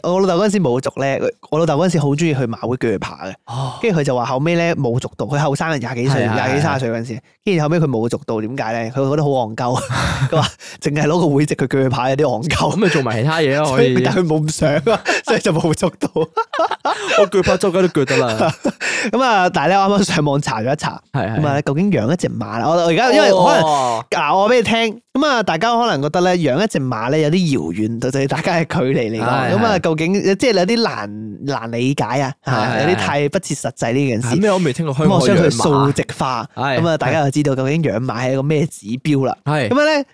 多。我老豆嗰陣時冇族咧，我老豆嗰陣時好中意去馬會鋸扒嘅。跟住佢就話後尾咧冇族到，佢後。生人廿幾歲、廿幾是的 三十歲嗰陣時，跟住後尾佢冇續到，點解咧？佢覺得好戇鳩，佢話淨係攞個會籍佢鋸牌有啲戇鳩，咁咪 (laughs) 做埋其他嘢都可以，但佢冇唔想啊，所以就冇續到。 (laughs) (laughs) 我鋸拍捉緊都鋸得啦。咁啊，但係咧，我啱啱上網查咗一查，咁啊，究竟養一隻馬啦？我而家因為可能，嗱、oh.，我俾你聽。咁啊，大家可能覺得咧，養一隻馬咧有啲遙遠，對大家嘅距離嚟講。咁啊，究竟即係有啲難難理解啊，有啲太不切實際呢件事。咩？我未聽過香港可以養馬。將佢數值化，咁啊，大家就知道究竟養馬係一個咩指標啦。咁咧，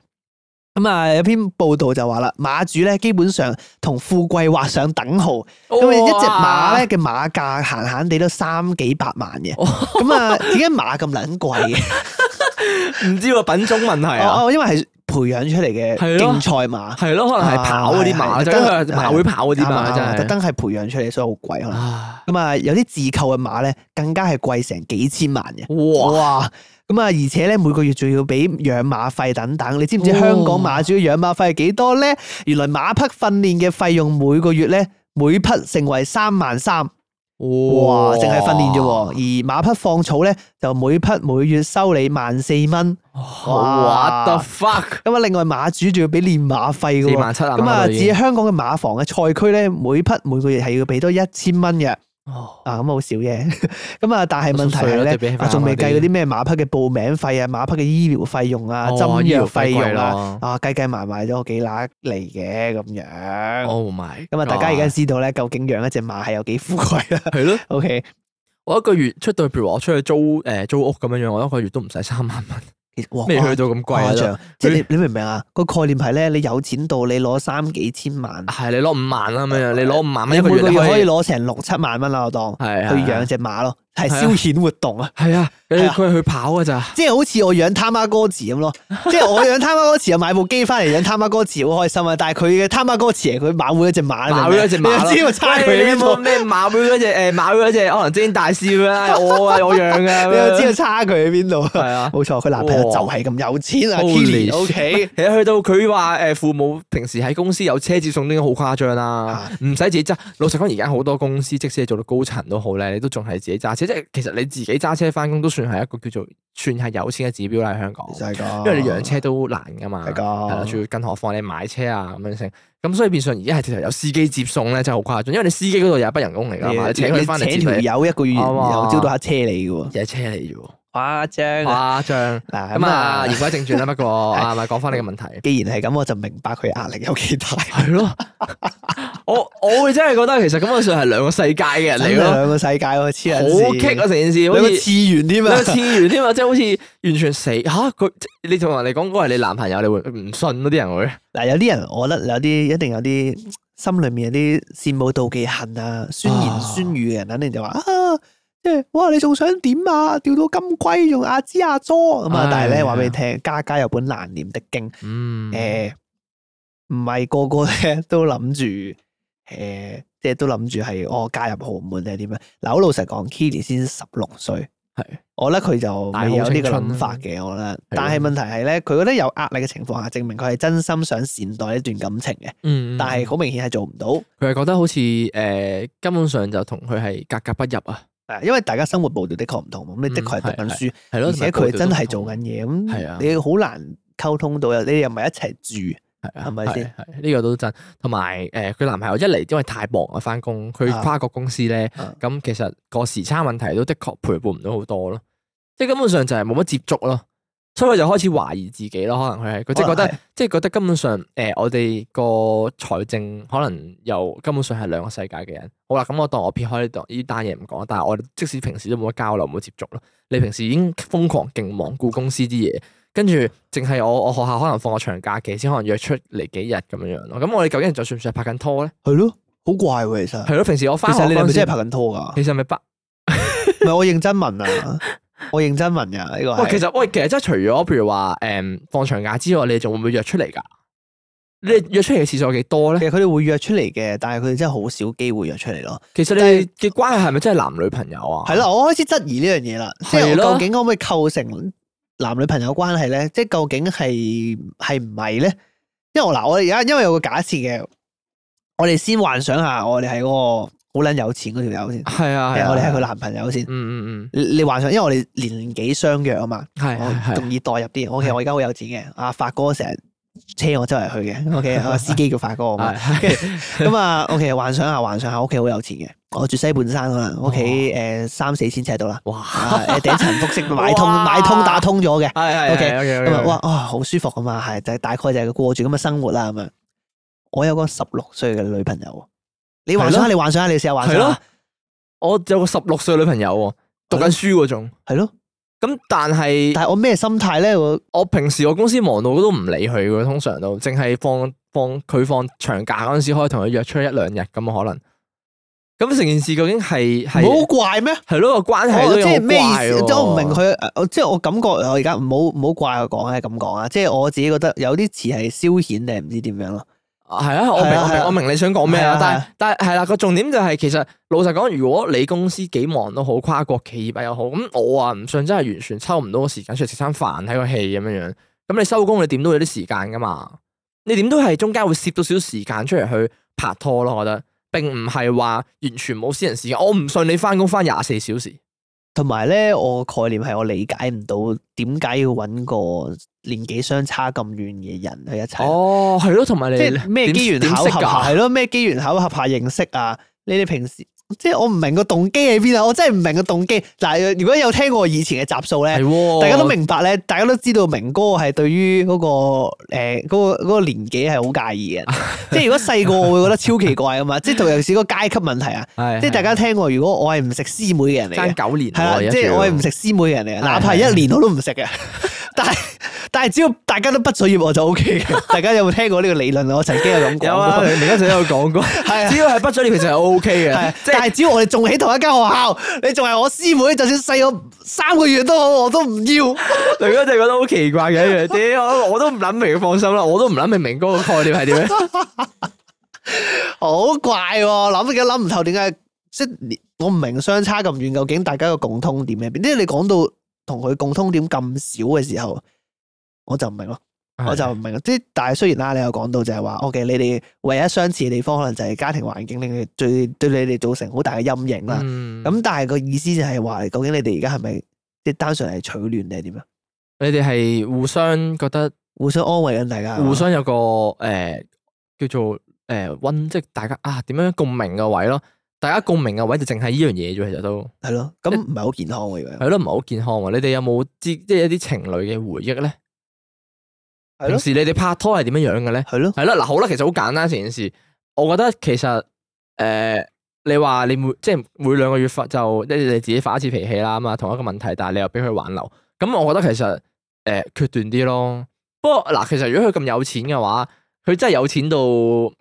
咁啊有篇報道就話啦，馬主咧基本上同富貴劃上等號。咁啊，一隻馬咧嘅馬價閒閒地都三幾百萬嘅。咁啊，點解馬咁撚貴嘅？唔知喎，品種問題啊。哦，因為係。培養出嚟嘅競賽馬，係咯，可能係跑嗰啲馬，真係、啊、馬會跑嗰啲馬，真係特登係培養出嚟，所以好貴可能，咁啊，有啲自購嘅馬咧，更加係貴成幾千萬嘅。哇！咁啊，而且咧每個月仲要俾養馬費等等，你知唔知香港馬主嘅養馬費係幾多咧？哦、原來馬匹訓練嘅費用每個月咧每匹成為三萬三。哇！淨係訓練啫，而馬匹放草咧就每匹每月收你萬四蚊。What the fuck！咁啊，另外馬主仲要俾練馬費噶，四萬七啊。咁啊、嗯，至於香港嘅馬房嘅賽區咧，每匹每個月係要俾多一千蚊嘅。哦，嗱咁好少嘢，咁啊， (laughs) 但係問題係咧，仲未計嗰啲咩馬匹嘅報名費啊，馬匹嘅醫療費用啊、哦、醫療費用啊，針藥費用啊，啊，計計埋埋都幾乸嚟嘅咁樣。哦，唔係，咁啊，大家而家知道咧，究竟養一隻馬係有幾富貴啊 (laughs) 了？係咯，OK，我一個月出到譬如我出去租誒租屋咁樣樣，我一個月都唔使三萬蚊。咩哇去到咁貴啦？啊啊、它即係你你明唔明啊？個它概念係咧，你有錢到你攞三幾千萬，係你攞五萬啦咁樣，你攞五萬蚊，一個月你可以攞成六七萬蚊啦，我當是的 去養隻馬咯。係消遣活動啊！係啊，佢佢係去跑噶咋，即係好似我養貪媽歌詞咁咯，即係我養貪媽歌詞啊，買部機翻嚟養貪媽歌詞好開心啊！但係佢嘅貪媽歌詞，佢馬會一隻馬，馬會一隻馬咯，你知我差佢邊度咩？馬會嗰隻誒，馬會隻可能精英大師啦，我啊我養啊，你又知道差佢喺邊度？係啊，冇錯，佢男朋友就係咁有錢啊！Kiri，OK，去到佢話誒，父母平時喺公司有車接送都已經好誇張啦，唔使自己揸。老實講，而家好多公司，即使係做到高層都好咧，你都仲係自己揸車。即係其實你自己揸車翻工都算係一個叫做算係有錢嘅指標啦，喺香港，因為你養車都難噶嘛，係啦，仲要更何況你買車啊咁樣先。咁所以變相而家係其實有司機接送咧，真係好誇張，因為你司機嗰度有一筆人工嚟噶嘛，請佢翻嚟條友一個月又招到下車嚟嘅喎，又係車嚟啫喎，誇張，誇張。嗱咁啊，言歸正傳啦，不過係咪講翻你嘅問題，既然係咁，我就明白佢壓力有幾大。係咯。 (laughs) 我我會真係覺得其實咁樣算係兩個世界嘅人嚟咯，兩個世界黐、啊、人、啊，好棘啊！成件事好似兩個次元添啊，兩個次元添啊，即係好似完全死吓佢、啊。你同人哋講嗰係你男朋友，你會唔信嗰啲人會？嗱、啊，有啲人我覺得有啲一定有啲心裏面有啲羨慕妒忌恨啊，酸言酸語嘅人，肯定就話啊，即係、啊啊、哇，你仲想點啊？釣到金龜用阿芝阿咗咁啊！但係咧話俾你聽，家家有本難念的經，誒、嗯，唔係、呃、個個咧都諗住。誒，即係都諗住係我加入豪門定係點樣？嗱，好老實講，kiri 先十六歲，係我咧佢就未有呢個諗法嘅，我覺得，但係問題係咧，佢覺得有壓力嘅情況下，證明佢係真心想善待一段感情嘅。但係好明顯係做唔到。佢係覺得好似誒，根本上就同佢係格格不入啊！因為大家生活步調的確唔同，咁你的確係讀緊書，係咯，而且佢真係做緊嘢，咁係啊，你好難溝通到，又你又唔係一齊住。係咪先？呢個都真。同埋，誒、呃，佢男朋友一嚟，因為太忙啊，翻工，佢跨國公司咧，咁、嗯、其實個時差問題都的確陪伴唔到好多咯。即係根本上就係冇乜接觸咯，所以佢就開始懷疑自己咯。可能佢係，即係覺得，即係覺得、啊、覺得根本上，誒、呃，我哋個財政可能又根本上係兩個世界嘅人。好啦，咁我當我撇開呢度呢單嘢唔講，但係我哋即使平時都冇乜交流，冇接觸咯。你平時已經瘋狂勁忙顧公司啲嘢。跟住淨係我我學校可能放個長假期先，可能約出嚟幾日咁樣樣咯。咁我哋究竟就算唔算係拍緊拖咧？係咯，好怪喎，其實係咯。平時我翻學你哋咪真係拍緊拖噶。其實咪不，不，不，唔 (laughs) 係我認真問啊， (laughs) 我認真問噶、啊、呢、這個。喂，其實喂，其實真係除咗譬如話誒、嗯、放長假之外，你哋仲會唔會約出嚟噶？你約出嚟嘅次數有幾多咧？其實佢哋會約出嚟嘅，但係佢哋真係好少機會約出嚟咯。其實你嘅關係係咪真係男女朋友啊？係啦是，我開始質疑呢樣嘢啦。究竟可唔可以構成？男女朋友關係咧，即係究竟係係唔係咧？因為我嗱，我而家因為有個假設嘅，我哋先幻想下，我哋係嗰個好捻有錢嗰條友先，係啊，啊我哋係佢男朋友先，嗯嗯嗯，你你幻想，因為我哋年紀相若啊嘛，係仲易代入啲嘢，啊、OK，我其實我而家好有錢嘅，阿發、啊啊、哥成日。車我周圍去嘅，OK，我司機叫快哥啊嘛，跟住咁啊，OK，幻想下，幻想下，屋企好有錢嘅，我住西半山可能，屋企誒三四千尺度啦，哇，頂層複式，買通買通打通咗嘅，係，OK，咁啊哇，好舒服啊嘛，係就大概就係過住咁嘅生活啦咁樣。我有個十六歲嘅女朋友，你幻想下，你幻想下，你試下幻想，係咯，我有個十六歲女朋友，讀緊書嗰種，係咯。咁但係，但係我咩心態咧？我我平時我公司忙到都唔理佢嘅，通常都淨係放放佢放長假嗰陣時，可以同佢約出一兩日咁可能。咁成件事究竟係唔好怪咩？係咯個關係都又怪，我唔明佢，即我即係我感覺我而家唔好唔好怪我講係咁講啊！即係我自己覺得有啲似係消遣定係唔知點樣咯。係啦，我明的我明我明你想講咩啦，但係但係係啦個重點就係、是、其實老實講，如果你公司幾忙都好，跨國企業啊又好，咁我啊唔信真係完全抽唔到時間，出咗食餐飯睇個戲咁樣樣，咁你收工你點都有啲時間噶嘛，你點都係中間會攝到少少時間出嚟去拍拖咯、啊，我覺得，並唔係話完全冇私人時間，我唔信你翻工翻廿四小時。同埋咧，我概念係我理解唔到，點解要搵個年紀相差咁遠嘅人去一齊？哦，係咯，同埋你即係咩機緣巧合下，係咯咩機緣巧合下認識啊？你哋平時。即係我唔明個動機喺邊啊！我真係唔明個動機。嗱，如果有聽過以前嘅集數咧，大家都明白咧，大家都知道明哥係對於嗰個誒個嗰個年紀係好介意嘅。即係如果細個我會覺得超奇怪啊嘛！即係尤其是個階級問題啊。即係大家聽過，如果我係唔食師妹嘅人嚟嘅，九年係啊，即係我係唔食師妹嘅人嚟嘅，哪怕係一年我都唔食嘅。但係但係，只要大家都畢咗業我就 O K 嘅。大家有冇聽過呢個理論啊？我曾經有諗過。有啊，你明哥曾經有講過。係、 (laughs) 啊，只要係畢咗業，其實係 O K 嘅。係、啊，即係、就是、只要我哋仲喺同一間學校，你仲係我師妹，就算細我三個月都好，我都唔要。大家就覺得好奇怪嘅一樣。點？我都唔諗明，放心啦，我都唔諗明明哥個概念係點。 (laughs) 好怪喎、啊，諗而家諗唔透，點解即係我唔明相差咁遠，究竟大家個共通點喺邊？因為你講到。同佢共通點咁少嘅時候，我就唔明咯，是的 我就唔明咯。即係，但係雖然啦，你有講到就係話，OK，你哋唯一相似嘅地方，可能就係家庭環境令你最對你哋造成好大嘅陰影啦。咁、嗯、但係個意思就係話，究竟你哋而家係咪即係單純嚟取暖定係點啊？你哋係互相覺得互相安慰緊，大家互相有個誒、呃、叫做誒溫，呃、one, 即係大家啊點樣共鳴嘅位咯。大家共鳴嘅位者就淨係依樣嘢啫，其實都係咯。咁唔係好健康嘅，係咯你，唔係好健康。你哋有冇即係一啲情侶嘅回憶咧？對平時你哋拍拖係點樣樣嘅咧？係咯對，係啦對。嗱，好啦，其實好簡單成件事。我覺得其實誒、呃對呃，你話你每即係每兩個月發就即你自己發一次脾氣啦咁嘛，同一個問題，但係你又俾佢挽留。咁我覺得其實誒，決、呃、斷啲咯。不過嗱，其實如果佢咁有錢嘅話，佢真係有錢到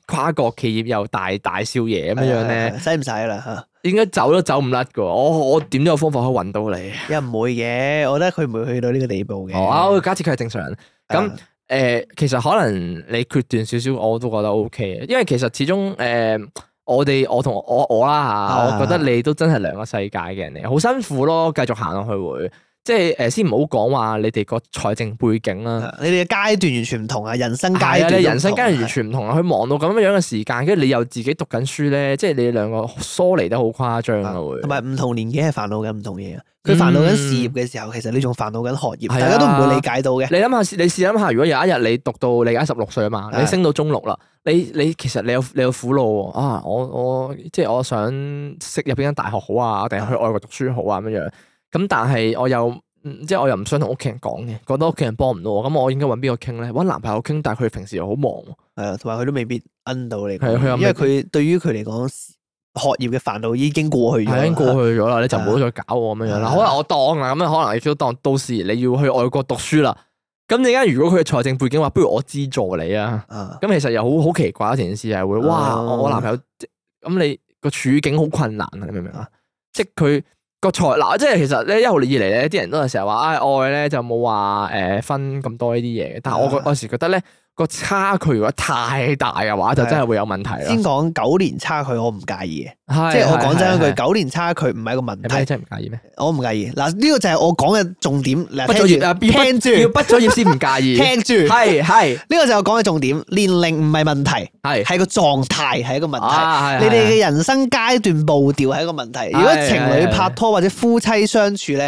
跨國企業又大大少爺咁、啊、樣咧，使唔使啦吓？應該走都走唔甩噶，我我點都有方法可以搵到你。又唔會嘅，我覺得佢唔會去到呢個地步嘅。哦，我假設佢係正常人。咁誒、啊呃，其實可能你決斷少少，我都覺得 O K 嘅。因為其實始終誒、呃，我哋我同我我啦吓，啊、我覺得你都真係兩個世界嘅人嚟，好辛苦咯，繼續行落去會。即係誒，先唔好講話你哋個財政背景啦，你哋嘅階段完全唔同啊，人生階段，人生階段完全唔同啊。佢的忙到咁樣樣嘅時間，跟住你又自己讀緊書咧，即係你兩個疏離得好誇張。同埋唔同年紀係煩惱緊唔同嘢。佢煩惱緊事業嘅時候，其實你仲煩惱緊學業，的大家都唔會理解到嘅。你諗下，你試諗下，如果有一日你讀到你而家十六歲啊嘛，你升到中六啦，的你你其實你有你有苦惱啊，我我，我即係我想識入邊間大學好啊，定係去外國讀書好啊咁樣。咁但係我又即係我又唔想同屋企人講嘅，覺得屋企人幫唔到我，咁我應該揾邊個傾咧？揾男朋友傾，但係佢平時又好忙。係啊，同埋佢都未必 under 你。因為佢對於佢嚟講學業嘅煩惱已經過去咗，係已經過去咗啦， (laughs) 你就唔好再搞我咁樣啦。 (music) 可能我當啊，咁啊可能亦都當到時你要去外國讀書啦。咁你而家如果佢嘅財政背景話，不如我資助你啊？咁其實又好好奇怪一件事係會，哇！我男朋友即咁你個處境好困難啊，你明唔明啊？即係佢。個才嗱，即係其實咧一路以嚟咧，啲人都有成日話，唉愛咧就冇話誒分咁多呢啲嘢嘅，但係我個時覺得咧。個差距如果太大嘅話，就真係會有問題。先講九年差距，我唔介意。即係我講真一句，九年差距唔係一個問題，真係唔介意咩？我唔介意。嗱，呢個就係我講嘅重點。聽住，聽住，要畢咗業先唔介意。聽住，係係，呢個就係我講嘅重點。年齡唔係問題，係係個狀態係一個問題。你哋嘅人生階段步調係一個問題。如果情侶拍拖或者夫妻相處呢，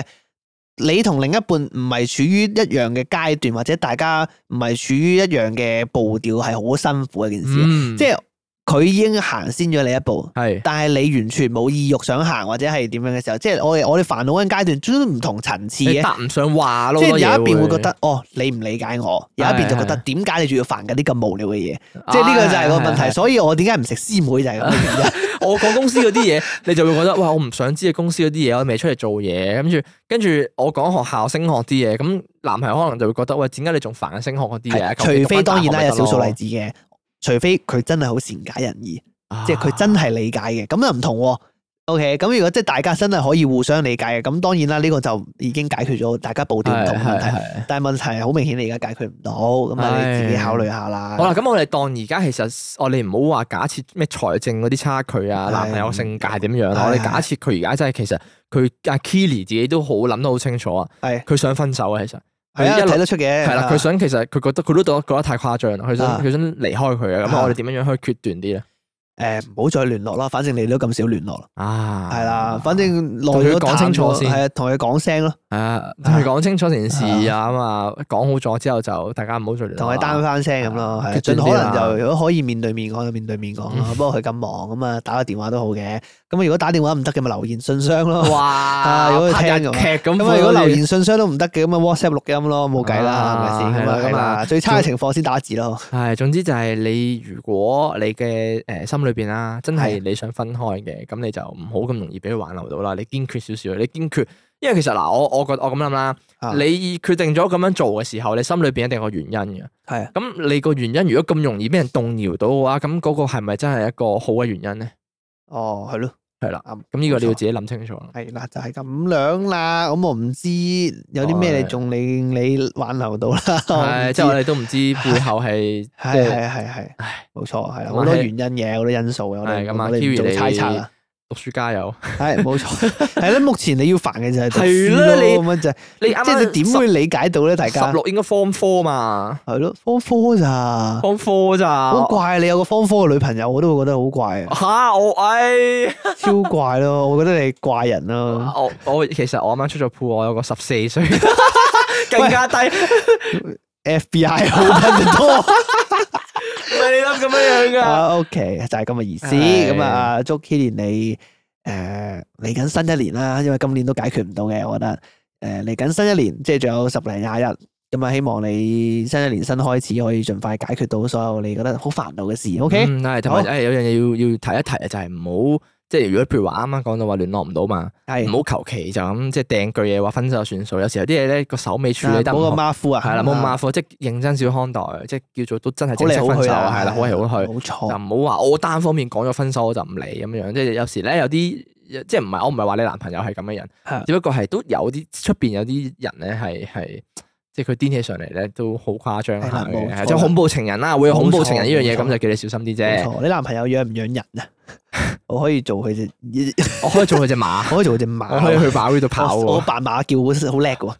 你同另一半唔係處於一樣嘅階段，或者大家唔係處於一樣嘅步調，係好辛苦嘅一件事，即係。佢已經行先咗你一步，係是，但係你完全冇意欲想行或者係點樣嘅時候，即係我我哋煩惱嗰個階段，都唔同層次嘅，答唔上話咯。即係有一邊會覺得會哦，你唔理解我，有一邊就覺得點解你仲要煩緊啲咁無聊嘅嘢？哎、即係呢個就係個問題。哎、所以我點解唔食師妹就係咁樣。哎、 (laughs) 我講公司嗰啲嘢，你就會覺得 (laughs) 哇，我唔想知你公司嗰啲嘢，我未出嚟做嘢。跟住跟住我講學校升學啲嘢，咁男朋友可能就會覺得喂，點解你仲煩緊升學嗰啲嘢？是除非當然啦，有少數例子嘅。除非佢真係好善解人意，啊、即係佢真係理解嘅，咁又唔同。OK，咁如果即係大家真係可以互相理解嘅，咁當然啦，呢、呢個就已經解決咗大家步調唔同問題。是是是但係問題好明顯，你而家解決唔到，咁啊是你自己考慮下啦。好啦，咁我哋當而家其實，我哋唔好話假設咩財政嗰啲差距啊，是是男朋友性格係點樣啦，是是是我哋假設佢而家真係其實佢阿 Kiri 自己都好諗得好清楚啊，佢是是 想分手啊，其實。佢 (noise) 一睇得出嘅，係啦，佢 (noise) 想其實佢覺得佢都覺得，覺得太誇張啦，佢想佢的想離開佢啊，咁我哋點樣樣可以決斷啲咧？誒，唔好再聯絡啦，反正你都咁少聯絡啊，係啦，反正耐咗。講清楚先，係啊，同佢講聲咯。啊，同佢講清楚件事啊咁啊，講好咗之後就大家唔好再同佢單翻聲咁咯。係，盡可能就如果可以面對面講就面對面講咯。不過佢咁忙咁啊，打個電話都好嘅。咁如果打電話唔得嘅咪留言信箱咯。哇，如果佢聽拍劇咁。咁啊，如果留言信箱都唔得嘅咁啊，WhatsApp 錄音咯，冇計啦，係咪先？咁啊，最差嘅情況先打字咯。係，總之就係你如果你嘅誒心裏邊啦，真係你想分開嘅，咁是的 你就唔好咁容易俾佢挽留到啦。你堅決少少，你堅決，因為其實嗱，我我覺得我咁諗啦，是的 你決定咗咁樣做嘅時候，你心裏邊一定有個原因嘅。係啊，咁是的 你個原因如果咁容易俾人動搖到嘅話，咁嗰個係咪真係一個好嘅原因咧？哦，係咯。係啦，咁呢個你要自己諗清楚啦。係啦，就係咁樣啦。咁我唔知有啲咩你仲令你挽留到啦。即係我哋都唔知背後係係係係係，冇錯係好多原因嘅，好多因素嘅。係咁啊，Kiri 你。暑假有係冇錯係啦，目前你要煩嘅就係係 (laughs) 啦，你乜啫？你剛剛10，即係你點會理解到咧？大家十六應該 form four 嘛？係咯，form four 咋？form four 咋？好怪我我你有個 form four 嘅女朋友，我都會覺得好怪吓我唉， (laughs) 超怪咯！我覺得你怪人咯。我我其實我啱啱出咗鋪，我有個十四歲， (laughs) 更加低。 (laughs) (laughs) FBI 好很多。 (laughs) 你啦，咁樣樣噶。o、okay, k 就係咁嘅意思。咁啊是，祝 kiri 你誒嚟緊新一年啦，因為今年都解決唔到嘅，我覺得誒嚟緊新一年，即係仲有十零廿日，咁啊，希望你新一年新開始，可以盡快解決到所有你覺得好煩惱嘅事。OK，嗯，係，同誒好、哎，有樣嘢要要提一提啊，就係唔好。即係如果譬如話啱啱講到話聯絡唔到嘛，係唔好求其就咁即係掟句嘢話分手就算數。有時有啲嘢咧個手尾處理得唔好，馬虎啊，係啦，冇馬虎，即係認真少看待，即係叫做都真係正式分手，係啦，好來好去，冇錯，就唔好話我單方面講咗分手我就唔理咁樣，即係有時咧有啲即係唔係我唔係話你男朋友係咁嘅人，係，只不過係都有啲出邊有啲人咧係係，即係佢癲起上嚟咧都好誇張，係，即係恐怖情人啦，會有恐怖情人呢樣嘢，咁就叫你小心啲啫。你男朋友養唔養人啊？我可以做佢隻 (laughs) 馬，我可以做佢隻馬，可以做佢隻馬，可以去馬會度跑我。我扮馬叫好叻嘅。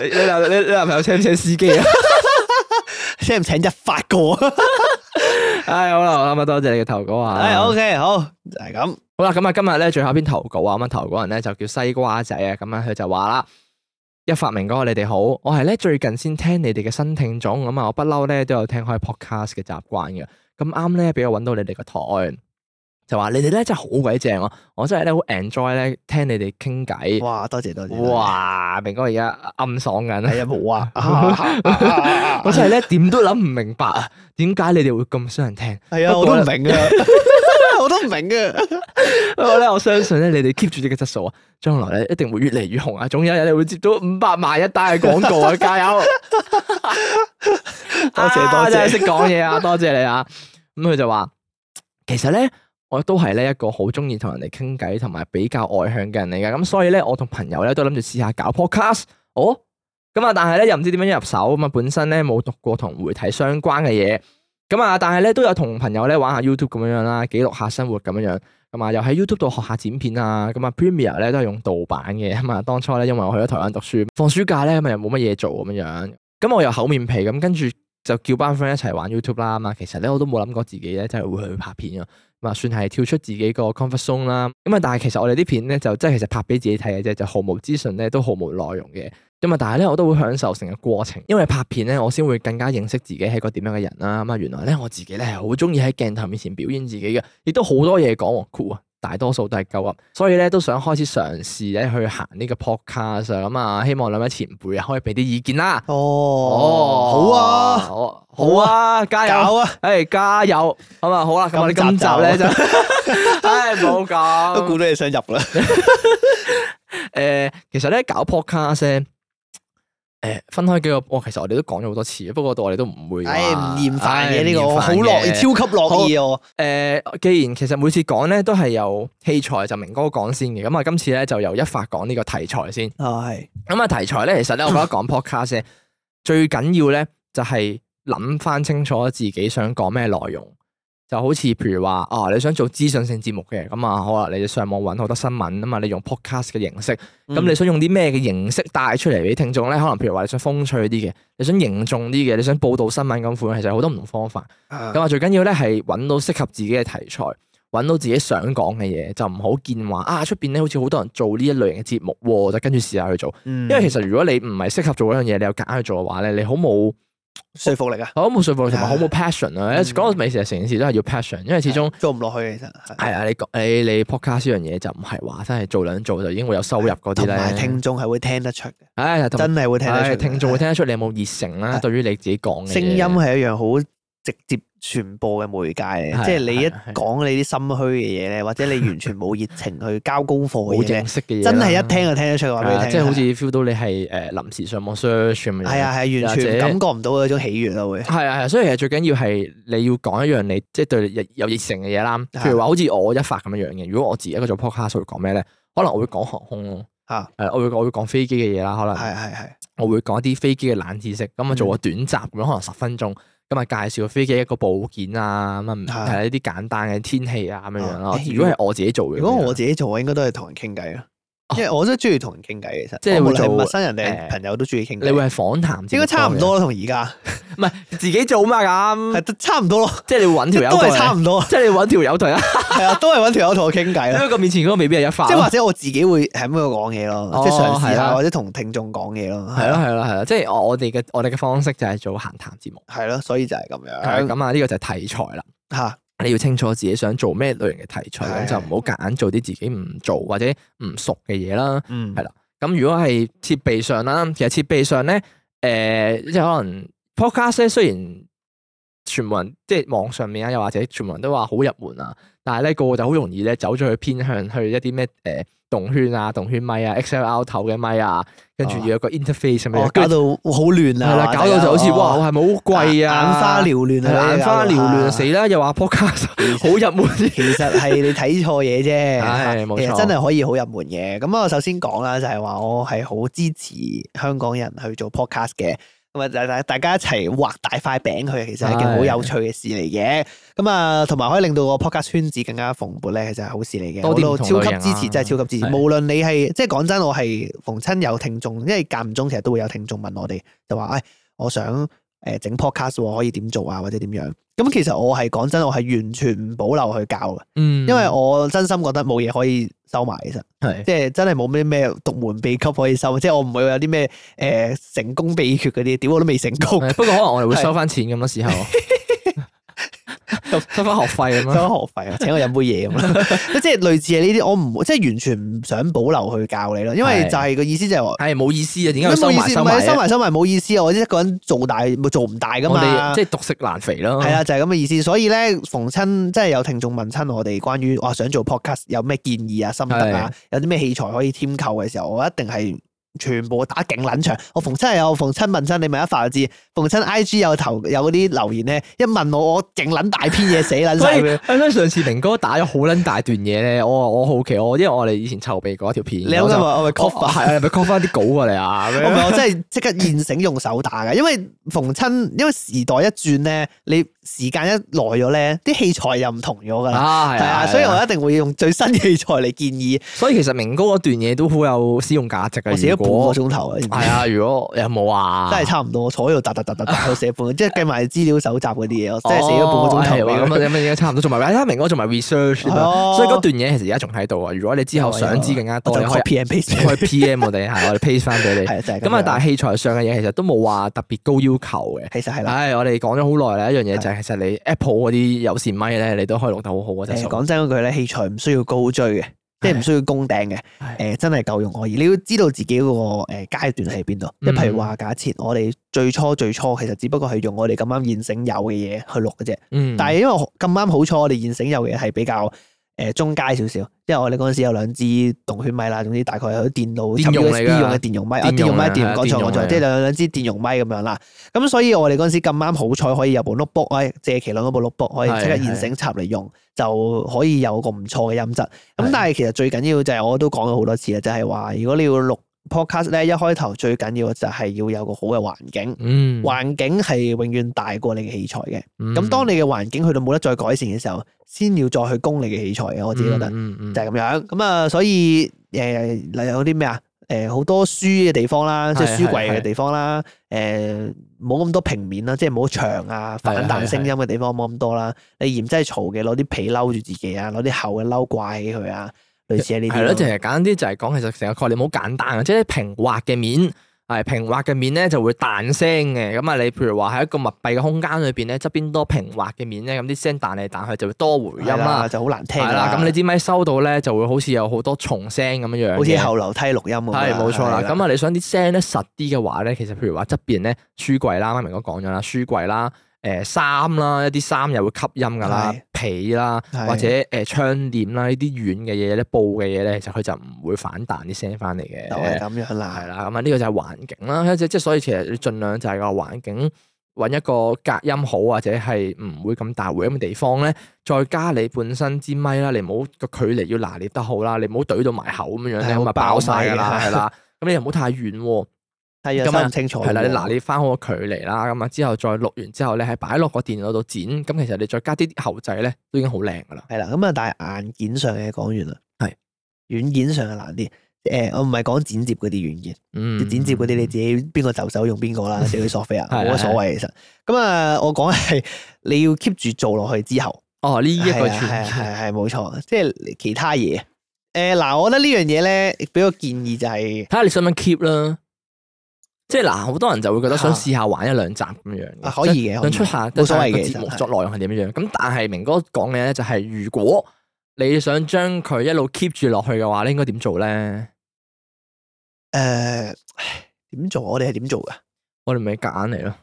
你男你男朋友請唔請司機啊？ (laughs) (laughs) 請唔請一發哥？唉、 (laughs) (laughs) 哎，好啦，咁啊多謝你嘅投稿啊。係、哎，OK，好，就係、是、咁。好啦，咁啊今日咧最後一篇投稿啊，咁啊投稿人咧就叫西瓜仔啊，咁啊佢就話啦。一發明哥，你哋好，我係咧最近先聽你哋嘅新聽眾，咁啊，我不嬲咧都有聽開 podcast 嘅習慣嘅，咁啱咧俾我揾到你哋個台，就話你哋咧真係好鬼正，我真係咧好 enjoy 咧聽你哋傾偈。哇，多謝多謝，多謝哇，明哥而家暗爽緊，係啊冇啊。啊 (laughs) (laughs) 我真係咧點都諗唔明白啊，點解你哋會咁少人聽？係啊 (laughs) 不過，我都唔明啊。我都唔明啊！不過咧，我相信咧，你哋 keep 住呢個質素啊，將來咧一定會越嚟越紅啊！總有一日會接到五百萬一單嘅廣告啊！ (laughs) 加油！多 (laughs) 謝多謝，識講嘢啊！多謝你啊！咁佢就話：其實咧，我都係呢一個好中意同人哋傾偈，同埋比較外向嘅人嚟噶。咁所以咧，我同朋友咧都諗住試下搞 podcast。哦，咁啊，但係咧又唔知點樣入手啊嘛！本身咧冇讀過同媒體相關嘅嘢。咁啊，但係咧都有同朋友咧玩下 YouTube 咁樣樣啦，記錄下生活咁樣樣，咁啊又喺 YouTube 度學下剪片啊，咁啊 Premiere 咧都係用盜版嘅啊，當初咧因為我去咗台灣讀書，放暑假咧咪又冇乜嘢做咁樣樣，咁我又厚面皮，咁跟住就叫班 friend 一齊玩 YouTube 啦。啊其實咧我都冇諗過自己咧真係會去拍片啊。咁啊算係跳出自己個 comfort zone 啦。咁啊但係其實我哋啲片咧就即係其實拍俾自己睇嘅啫，就毫無資訊咧都毫無內容嘅。咁啊！但係咧，我都會享受成個過程，因為拍片咧，我先會更加認識自己係個點樣嘅人啦。咁啊，原來咧，我自己咧係好中意喺鏡頭面前表演自己嘅，亦都好多嘢講喎，cool 啊！大多數都係夠噏，所以咧都想開始嘗試咧去行呢個 podcast、哦哦、啊。咁啊，希望兩位前輩啊可以俾啲意見啦。哦油、啊哎，好啊，好啊，加油啊！誒，加油。咁啊，好啦，咁我哋今集咧就，誒、哎，冇咁， (laughs) 哎、都估到你想入啦。誒，其實咧搞 podcast。誒，分開幾個，我其實我哋都講咗好多次，不過對我哋都唔會嘅。唔厭煩嘅呢個，好樂，超級樂意哦。誒、呃，既然其實每次講咧都係由器材，就明哥講先嘅。咁啊，今次咧就由一發講呢個題材先。係、哦。咁啊，題材咧，其實咧，我覺得講 podcast (laughs) 最緊要咧，就係諗翻清楚自己想講咩內容。就好似譬如話啊、哦，你想做資訊性節目嘅，咁啊，好啦，你上網揾好多新聞啊嘛，你用 podcast 嘅形式，咁、嗯、你想用啲咩嘅形式帶出嚟俾聽眾咧？可能譬如話你想風趣啲嘅，你想凝重啲嘅，你想報道新聞咁款，其實有好多唔同方法。咁啊，最緊要咧係揾到適合自己嘅題材，揾到自己想講嘅嘢，就唔好見話啊出邊咧好似好多人做呢一類型嘅節目，就跟住試下去做。因為其實如果你唔係適合做嗰樣嘢，你又夾硬去做嘅話咧，你好冇。說服力啊，好冇說服力，啊，同埋好冇 passion 啦。講美食係，成件事都係要 passion，因為始終做唔落去其實係啊。你你你 podcast 呢樣嘢就唔係話真係做兩做就已經會有收入嗰啲咧，同埋聽眾係會聽得出嘅。唉對，真係會聽得出，聽眾會聽得出你有冇熱誠啦。對於對你自己講嘅聲音係一樣好直接傳播嘅媒介嚟，即係你一講你啲心虛嘅嘢咧，或者你完全冇熱情去交功課好正式嘅嘢，真係一聽就聽得出，話俾你聽，即係好似 feel 到你係誒臨時上網 search 咁樣樣，係啊，完全感覺唔到嗰種喜悅咯，會係啊係啊，所以其實最緊要係你要講一樣你即係對你有熱誠嘅嘢啦，譬如話好似我一發咁樣樣嘅，如果我自己一個做 podcast 會講咩咧，可能我會講航空咯，我會我會講飛機嘅嘢啦，可能係係係，我會講一啲飛機嘅冷知識，咁啊做個短集咁，可能十分鐘。咁啊，介紹飛機一個部件的啊，咁啊樣，睇下呢啲簡單嘅天氣啊，咁樣樣咯。如果係我自己做嘅，如果我自己做，應該都係同人傾偈咯。因為我都中意同人傾偈，其實即係無論陌生人定朋友都中意傾偈。你會係訪談，應該差唔多咯，同而家唔係自己做嘛咁，係差唔多咯。即係你搵條友，都係差唔多。即係你搵條友同啊，係啊，都係搵條友同我傾偈啦。因為個面前嗰個未必係一發，即係或者我自己會喺度講嘢咯，即係嘗試啊，或者同聽眾講嘢咯。係咯係咯係咯，即係我我哋嘅我哋嘅方式就係做閒談節目。係咯，所以就係咁樣。咁啊，呢個就係題材啦，吓。你要清楚自己想做咩類型嘅題材，咁 (noise) 就唔好夾硬做啲自己唔做或者唔熟嘅嘢啦。嗯，係 (noise) 啦。咁如果係設備上啦，其實設備上咧，誒、呃，即係可能 Podcast 咧，雖然。全部人即係網上面啊，又或者全部人都話好入門啊，但係咧個個就好容易咧走咗去偏向去一啲咩誒動圈啊、動圈咪啊、XLR 頭嘅咪啊，跟住要有個 interface 咁樣，搞到好亂啊，係啦，搞到就好似哇，係咪好貴啊？眼花繚亂，眼花繚亂死啦！又話 podcast 好入門，其實係你睇錯嘢啫，其實真係可以好入門嘅。咁啊，我首先講啦，就係話我係好支持香港人去做 podcast 嘅。咁啊，大大家一齊畫大塊餅佢其實係一件好有趣嘅事嚟嘅。咁啊的，同埋可以令到個 Podcast 圈子更加蓬勃咧，其實係好事嚟嘅。多謝，超級支持，真係超級支持。的無論你係，即係講真，我係逢親有聽眾，因為間唔中其實都會有聽眾問我哋，就話，哎，我想。誒，整 podcast 可以點做啊，或者點樣？咁其實我係講真，我係完全唔保留去教嘅，嗯，因為我真心覺得冇嘢可以收埋，其實係，即係真係冇咩咩獨門秘笈可以收，即係我唔會有啲咩誒成功秘訣嗰啲，點我都未成功，不過可能我哋會收翻錢咁嘅時候。是 (laughs) 收翻學費咁啊！收翻學費啊， (laughs) 請我飲杯嘢咁啦，即係類似係呢啲，我唔即係完全唔想保留去教你咯，因為就係、是、個的意思就係、是，係冇意思啊！點解收埋收埋？收埋冇意思啊！我一個人做大做唔大噶嘛，即係獨食難肥咯。係啊，就係咁嘅意思。所以咧，逢親即係有聽眾問親我哋關於話想做 podcast 有咩建議啊、心得啊，的有啲咩器材可以添購嘅時候，我一定係。全部打勁捻長，我逢親有逢親問親你咪一發就知。逢親 I G 有投有啲留言咧，一問我我勁捻大篇嘢死捻晒。我 (laughs) 所以上次明哥打咗好捻大段嘢咧，我我好奇我因為我哋以前籌備過一條片，你有冇我咪 copy 係咪 copy 翻啲稿過嚟啊？我真係即刻現醒用手打嘅，因為逢親因為時代一轉咧，你。時間一耐咗咧，啲器材又唔同咗㗎啦，係啊，所以我一定會用最新嘅器材嚟建議。所以其實明哥嗰段嘢都好有使用價值嘅。我寫咗半個鐘頭啊。係啊，如果有冇啊，真係差唔多，坐喺度嗒嗒嗒嗒嗒，寫半，即係計埋資料搜集嗰啲嘢，即係寫咗半個鐘頭。咁，咁應該差唔多。仲埋睇下明哥，仲埋 research，所以嗰段嘢其實而家仲喺度啊。如果你之後想知更加多，就開 PM PM 我哋我哋 page 翻俾你。咁。啊，但係器材上嘅嘢其實都冇話特別高要求嘅。其實係我哋講咗好耐啦，一樣嘢就係。其實你 Apple 嗰啲有線咪咧，你都可以錄得好好啊！誒，講真句咧，器材唔需要高追嘅，的即係唔需要攻頂嘅。誒的、呃，真係夠用可以。你要知道自己嗰個誒階段喺邊度。即譬如話，假設我哋最初最初，其實只不過係用我哋咁啱現成有嘅嘢去錄嘅啫。嗯的。但係因為咁啱好彩，我哋現成有嘅嘢係比較。誒中階少少，因為我哋嗰陣時有兩支動圈麥啦，總之大概係啲電腦插用嘅電容麥，電容麥講錯我再，即係兩兩支電容咪咁樣啦。咁所以我哋嗰陣時咁啱好彩可以有部 notebook，借其兩部 notebook 可以即刻現成插嚟用，就可以有個唔錯嘅音質。咁但係其實最緊要就係我都講咗好多次啦，就係話如果你要錄 Podcast 咧，一開頭最緊要嘅就係要有個好嘅環境，環境係永遠大過你嘅器材嘅。咁、嗯、當你嘅環境去到冇得再改善嘅時候，先要再去攻你嘅器材嘅。我自己覺得、嗯嗯嗯、就係咁樣。咁、嗯、啊，所以誒，例如啲咩啊，誒，好、呃、多書嘅地方啦，即係書櫃嘅地方啦，誒、呃，冇咁多平面啦，即係冇牆啊，反彈聲音嘅地方冇咁多啦。你嫌真係嘈嘅，攞啲被嬲住自己啊，攞啲厚嘅褸掛起佢啊。係咯，就係簡單啲就係講，其實成個概念好簡單啊，即係平滑嘅面，係平滑嘅面咧就會彈聲嘅。咁啊，你譬如話喺一個密閉嘅空間裏邊咧，側邊多平滑嘅面咧，咁啲聲彈嚟彈去就會多回音啦，就好難聽啦。咁你支咪收到咧，就會好似有好多重聲咁樣樣，好似後樓梯錄音咁。係冇錯啦。咁啊了，了你想啲聲咧實啲嘅話咧，其實譬如話側邊咧書櫃啦，啱啱明哥講咗啦，書櫃啦。誒、衫、呃、啦，一啲衫又會吸音噶啦，被啦，對或者誒、呃，窗簾啦，呢啲軟嘅嘢咧，布嘅嘢咧，其實佢就唔會反彈啲聲翻嚟嘅，咁樣啦，係啦，咁啊，呢個就係環境啦，即係即係，所以其實你盡量就係個環境，揾一個隔音好或者係唔會咁大回音嘅地方咧，再加你本身支咪啦，你唔好個距離要拿捏得好，好啦，你唔好懟到埋口咁樣咧，咁咪爆晒噶啦，係啦，咁你又唔好太遠。 (laughs) 係啊，咁啊，係啦，嗱，你翻好個距離啦，咁啊，之後再錄完之後咧，係擺落個電腦度剪，咁其實你再加啲後製咧，都已經好靚噶啦。係啦，咁啊，但係硬件上嘅講完啦，係軟件上嘅難啲。誒，我唔係講剪接嗰啲軟件，嗯，剪接嗰啲你自己邊個就手用邊個啦，死佢索菲啊，冇乜所謂其實。咁啊，我講係你要 keep 住做落去之後，哦，呢一個係係係冇錯，即係其他嘢。誒，嗱，我覺得呢樣嘢咧，俾個建議就係，睇下你想唔想 keep 啦。即係嗱，好多人就會覺得想試下玩一兩集咁樣，啊可以嘅，以出下冇所謂嘅。製作內容係點樣？咁但係明哥講嘅咧，就係如果你想將佢一路 keep 住落去嘅話咧，你應該點做咧？誒、呃，點做？我哋係點做噶？我哋咪夾硬嚟咯，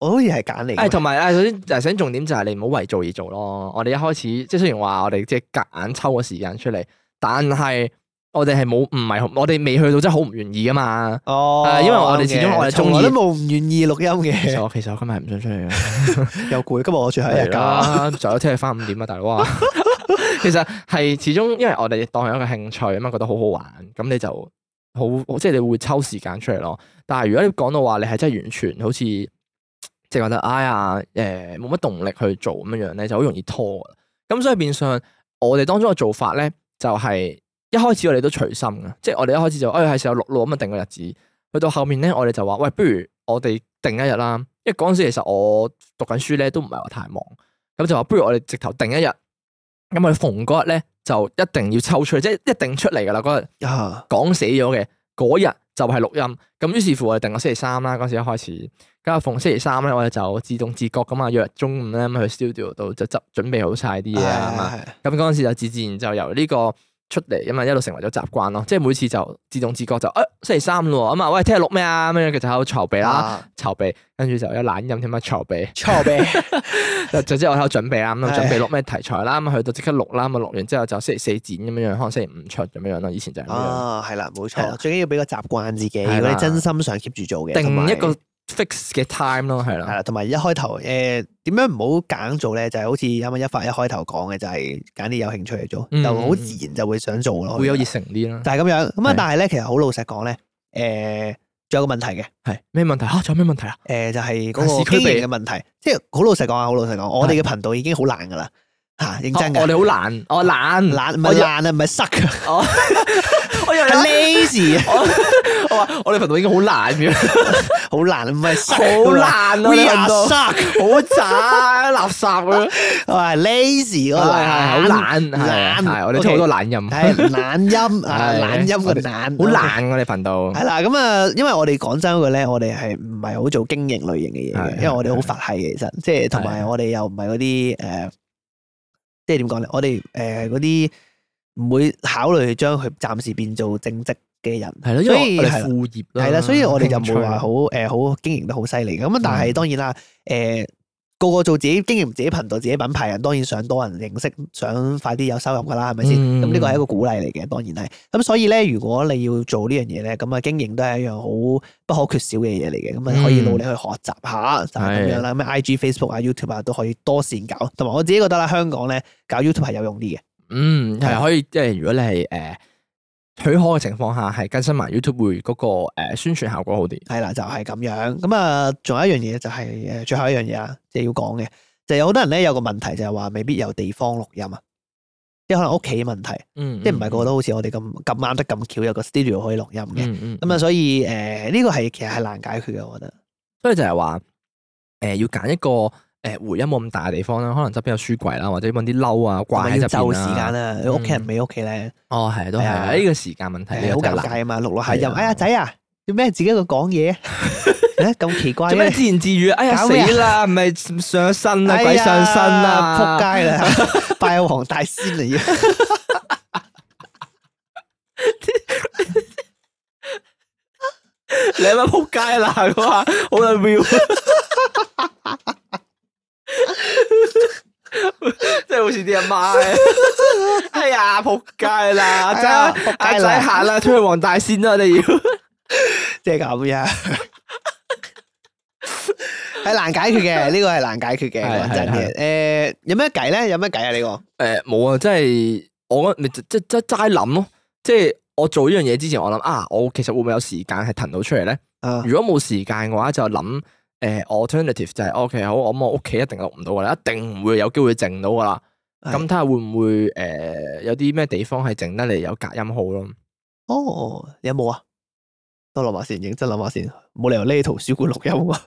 我好似係夾嚟。誒、哎，同埋誒，首先就係想重點就係你唔好為做而做咯。我哋一開始即係雖然話我哋即係夾硬抽個時間出嚟，但係，我哋係冇，唔係我哋未去到真係好唔願意㗎嘛。哦，因為我哋始終我哋中意，都冇唔願意錄音嘅。其實我今日唔想出去，嘅，又攰。今我日我住喺日家，坐咗車去返五點啊，大佬啊。 (laughs) (laughs) 其實係始終，因為我哋當係一個興趣啊嘛，覺得好好玩，咁你就好，即、就、係、是、你會抽時間出嚟咯。但係如果你講到話，你係真係完全好似即係覺得哎呀，誒冇乜動力去做咁樣樣咧，就好容易拖。咁所以變相我哋當中嘅做法咧、就是，就係。一開始我哋都隨心嘅，即係我哋一開始就，哎，係時候錄錄咁啊，定個日子。去到後面咧，我哋就話，喂，不如我哋定一日啦。因為嗰陣時其實我讀緊書咧，都唔係話太忙，咁就話不如我哋直頭定一日。咁啊逢嗰日咧就一定要抽出嚟，即係一定出嚟噶啦嗰日，啊，講死咗嘅嗰日就係錄音。咁於是乎我哋定個星期三啦，嗰陣時一開始，咁啊逢星期三咧我哋就自動自覺咁啊約中午咧咁去 studio 度就執準備好晒啲嘢啊，咁嗰陣時就自自然就由呢、這個。出嚟因為，一路成為咗習慣咯，即係每次就自動自覺就，誒、哎，星期三咯，咁啊，喂，聽日錄咩啊，咁樣佢就喺度籌備啦，籌 (laughs) 備，跟住就一懶音聽乜籌備，籌備，就即係我喺度準備啦，咁啊，準備錄咩題材啦，咁啊的，去到即刻錄啦，咁啊，錄完之後就星期四剪咁樣樣，可能星期五出咁樣樣咯，以前就係咁樣。啊，係啦，冇錯，最緊要俾個習慣自己，的如果你真心想 keep 住做嘅，還有 定一個 fix 嘅 time 咯，係啦，係啦，同埋一開頭誒，點、呃、樣唔好揀做咧？就係、是、好似啱啱一發一開頭講嘅，就係揀啲有興趣嚟做，就好、嗯、自然就會想做咯，嗯、會有熱誠啲咯。就係咁樣咁啊！但係咧，是其實好老實講咧，誒、呃，仲有個問題嘅，係咩問題啊？仲有咩問題啊？誒，就係嗰個資源嘅問題，即係好老實講啊！好老實講，的我哋嘅頻道已經好難噶啦。吓認真嘅，我哋好懶，我懶，懶唔係懶啊，唔係塞啊，我以為係 lazy。我話我哋頻道已經好懶咗，好懶唔係好懶啊，啲人塞，好渣垃圾啊。我係 lazy，我係懶，懶，我哋聽好多懶音，係懶音啊，懶音嘅懶，好懶我哋頻道。係啦，咁啊，因為我哋廣州嘅咧，我哋係唔係好做經營類型嘅嘢嘅，因為我哋好佛系嘅，其實即係同埋我哋又唔係嗰啲誒。即係點講咧？我哋誒，嗰啲唔會考慮將佢暫時變做正職嘅人，係咯，因為佢係副業啦，係啦，所以我哋就冇話好誒，好、呃、經營得好犀利咁。但係當然啦，誒、呃。個個做自己經營自己頻道自己品牌人，當然想多人認識，想快啲有收入㗎喇，係咪先？咁呢個係一個鼓勵嚟嘅，當然係。咁所以咧，如果你要做呢樣嘢咧，咁啊經營都係一樣好不可缺少嘅嘢嚟嘅，咁啊、嗯、可以努力去學習下就係、是、咁樣啦。咁的 I G Facebook 啊 YouTube 啊都可以多線搞，同埋我自己覺得啦，香港咧搞 YouTube 係有用啲嘅。嗯，係的可以即係如果你係誒。呃許可嘅情況下，係更新埋 YouTube 嗰個誒宣傳效果好啲。係啦，就係、是、咁樣。咁啊，仲有一樣嘢，就係最後一樣嘢啦，即係要講嘅。就係、是就是、有好多人咧，有個問題就係、是、話未必有地方錄音啊，即係可能屋企問題，嗯，嗯，嗯，即係唔係個個都好似我哋咁咁啱得咁巧有個 studio 可以錄音嘅。咁啊、嗯嗯嗯嗯，所以誒呢、呃這個係其實係難解決嘅，我覺得。所以就係話誒要揀一個。誒，回音冇咁大嘅地方啦，可能側邊有書櫃啦，或者揾啲褸啊掛喺就時間啊，你屋企人未喺屋企咧？哦，係，都係啊，呢個時間問題，你又較難啊嘛，錄落嚟又哎呀，仔啊，做咩自己喺度講嘢？誒，咁奇怪咩？自言自語，哎呀，死啦，唔係上身啦，鬼上身啦，撲街啦，拜黃大仙嚟嘅。你係咪撲街啦，哇，好有 f 即係 (laughs) 好似啲阿媽嘅，哎呀仆街啦，真係阿仔行啦，出去黃大仙啦，你要即係咁樣，係難解決嘅，呢個係難解決嘅，真嘅。誒，有咩計咧？有咩計啊？呢個誒，冇啊，即係我，你即即係齋諗咯，即係我做呢樣嘢之前我，我諗啊，我其實會唔會有時間係騰到出嚟咧？ (laughs) 如果冇時間嘅話，就諗。誒，alternative、嗯、就係 O K 好，我我屋企一定錄唔到噶啦，一定唔會有機會靜到噶啦。咁睇下會唔會誒、呃、有啲咩地方係靜得嚟，有隔音好咯。哦，有冇啊？多諗下先，認真諗下先，冇理由呢套圖書館錄音啊。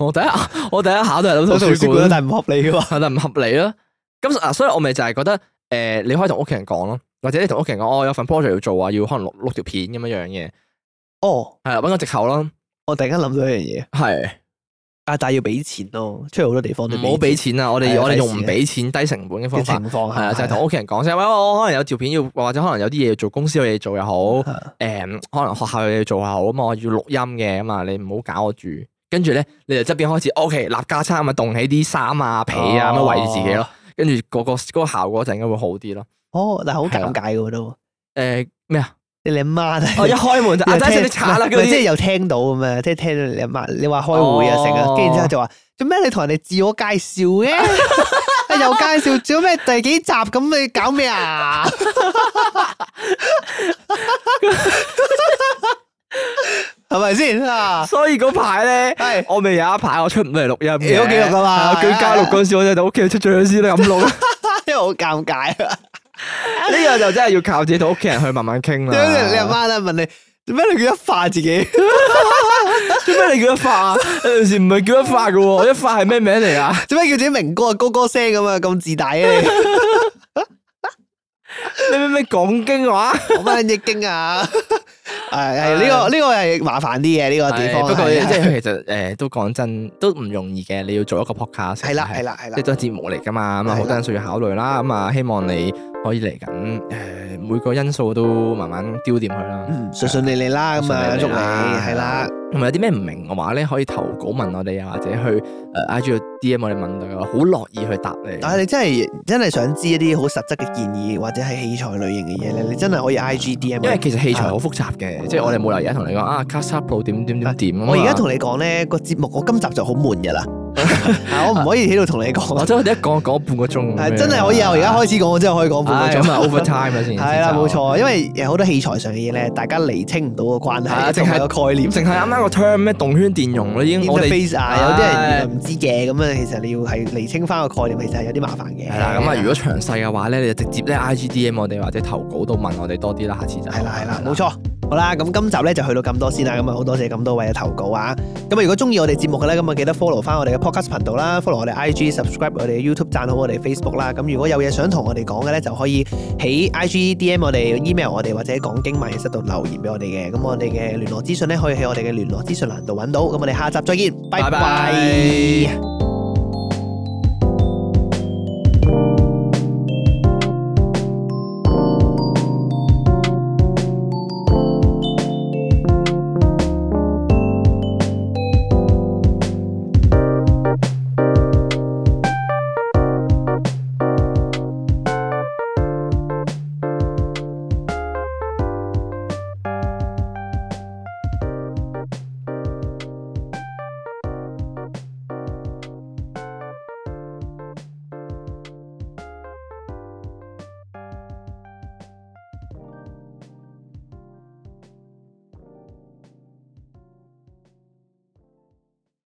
我第一我第一下都係諗到套圖書館，但係唔合理噶嘛， (laughs) 但係唔合理啦。咁啊，所以我咪就係覺得誒、呃，你可以同屋企人講咯，或者你同屋企人講，哦，有份 project 要做啊，要可能錄錄條片咁樣樣嘅。哦，係啊，揾個借口咯我突然間諗到一樣嘢，係啊，但要俾錢咯，出去好多地方都唔好俾錢啊！我哋我哋用唔俾錢，的低成本嘅方法情況係啊，的的就係同屋企人講聲，喂的，我、哎、可能有照片要，或者可能有啲嘢做，公司有嘢做又好，誒的、嗯，可能學校有嘢做又好，咁我要錄音嘅，咁啊，你唔好搞我住。跟住咧，你就側邊開始，O、okay, K，立家餐咪凍起啲衫啊、被啊咁、哦、圍住自己咯。跟住個個嗰效果陣應該會好啲咯。哦，嗱，好尷尬嘅都，誒咩啊？呃呃你你媽我一開門就聽，即係又聽到咁樣！即係聽到你阿媽，你話開會啊，成啊，跟住之後就話做咩？你同人哋自我介紹嘅？又介紹做咩？第幾集咁？你搞咩啊？係咪先啊？所以嗰排咧，我未有一排我出唔嚟錄音，要記錄噶嘛？佢加錄嗰時，我喺度屋企出咗先，你咁錄，因為好尷尬啊。呢 (laughs) 個就真係要靠自己同屋企人去慢慢傾啦。你阿媽咧問你：做咩你叫一發自己？做咩你叫一發啊？有陣時唔係叫一發噶、啊、喎，一發係咩名嚟啊？做咩、啊、叫自己明哥啊？哥哥聲咁啊，咁自大啊 (laughs) (laughs) 你？咩咩咩講經話？講咩譯經啊？ (laughs) (laughs) 係係呢個呢個係麻煩啲嘅呢個地方。不過即係其實誒都講真都唔容易嘅，你要做一個 podcast 係啦係啦係啦，即係都係節目嚟噶嘛，咁啊好多人需要考慮啦，咁啊希望你可以嚟緊誒每個因素都慢慢丟掂佢啦，順順利利啦咁啊祝你係啦。同埋有啲咩唔明嘅話咧，可以投稿問我哋啊，或者去誒 IG D M 我哋問啊，好樂意去答你。但係你真係真係想知一啲好實質嘅建議或者係器材類型嘅嘢咧，你真係可以 IG D M。因為其實器材好複雜。Yeah, (noise) 即係我哋冇理由而家同你講啊，卡薩布點點點點，我而家同你講咧， (noise) 個節目我今集就好悶嘅啦。 (laughs) 我唔可以喺度同你講，真係一講講半個鐘。係真係可以啊！而家開始講，我真係、啊、可以講半個鐘 over time 啦，先係啦，冇錯。 (laughs) 因為好多器材上嘅嘢咧，大家厘清唔到個關係，淨係、啊、個概念，淨係啱啱個 term 咩動圈電容已經我哋 Inter face 啊，有啲人唔知嘅咁啊。哎、其實你要係厘清翻個概念，其實係有啲麻煩嘅。係啦，咁啊，如果詳細嘅話咧，你就直接咧 IGDM 我哋或者投稿到問我哋多啲啦，下次就係啦，係啦，冇 (noise) 錯樂。好啦，咁今集咧就去到咁多先啦。咁啊，好多謝咁多位嘅投稿啊。咁如果中意我哋節目嘅咧，咁啊記得 follow 翻我哋嘅。Podcast 頻道啦，follow 我哋 IG，subscribe 我哋 YouTube，讚好我哋 Facebook 啦。咁如果有嘢想同我哋講嘅咧，就可以喺 IG DM 我哋、mm hmm. email 我哋，或者講經萬應室度留言俾我哋嘅。咁我哋嘅聯絡資訊咧，可以喺我哋嘅聯絡資訊欄度揾到。咁我哋下集再見，拜拜。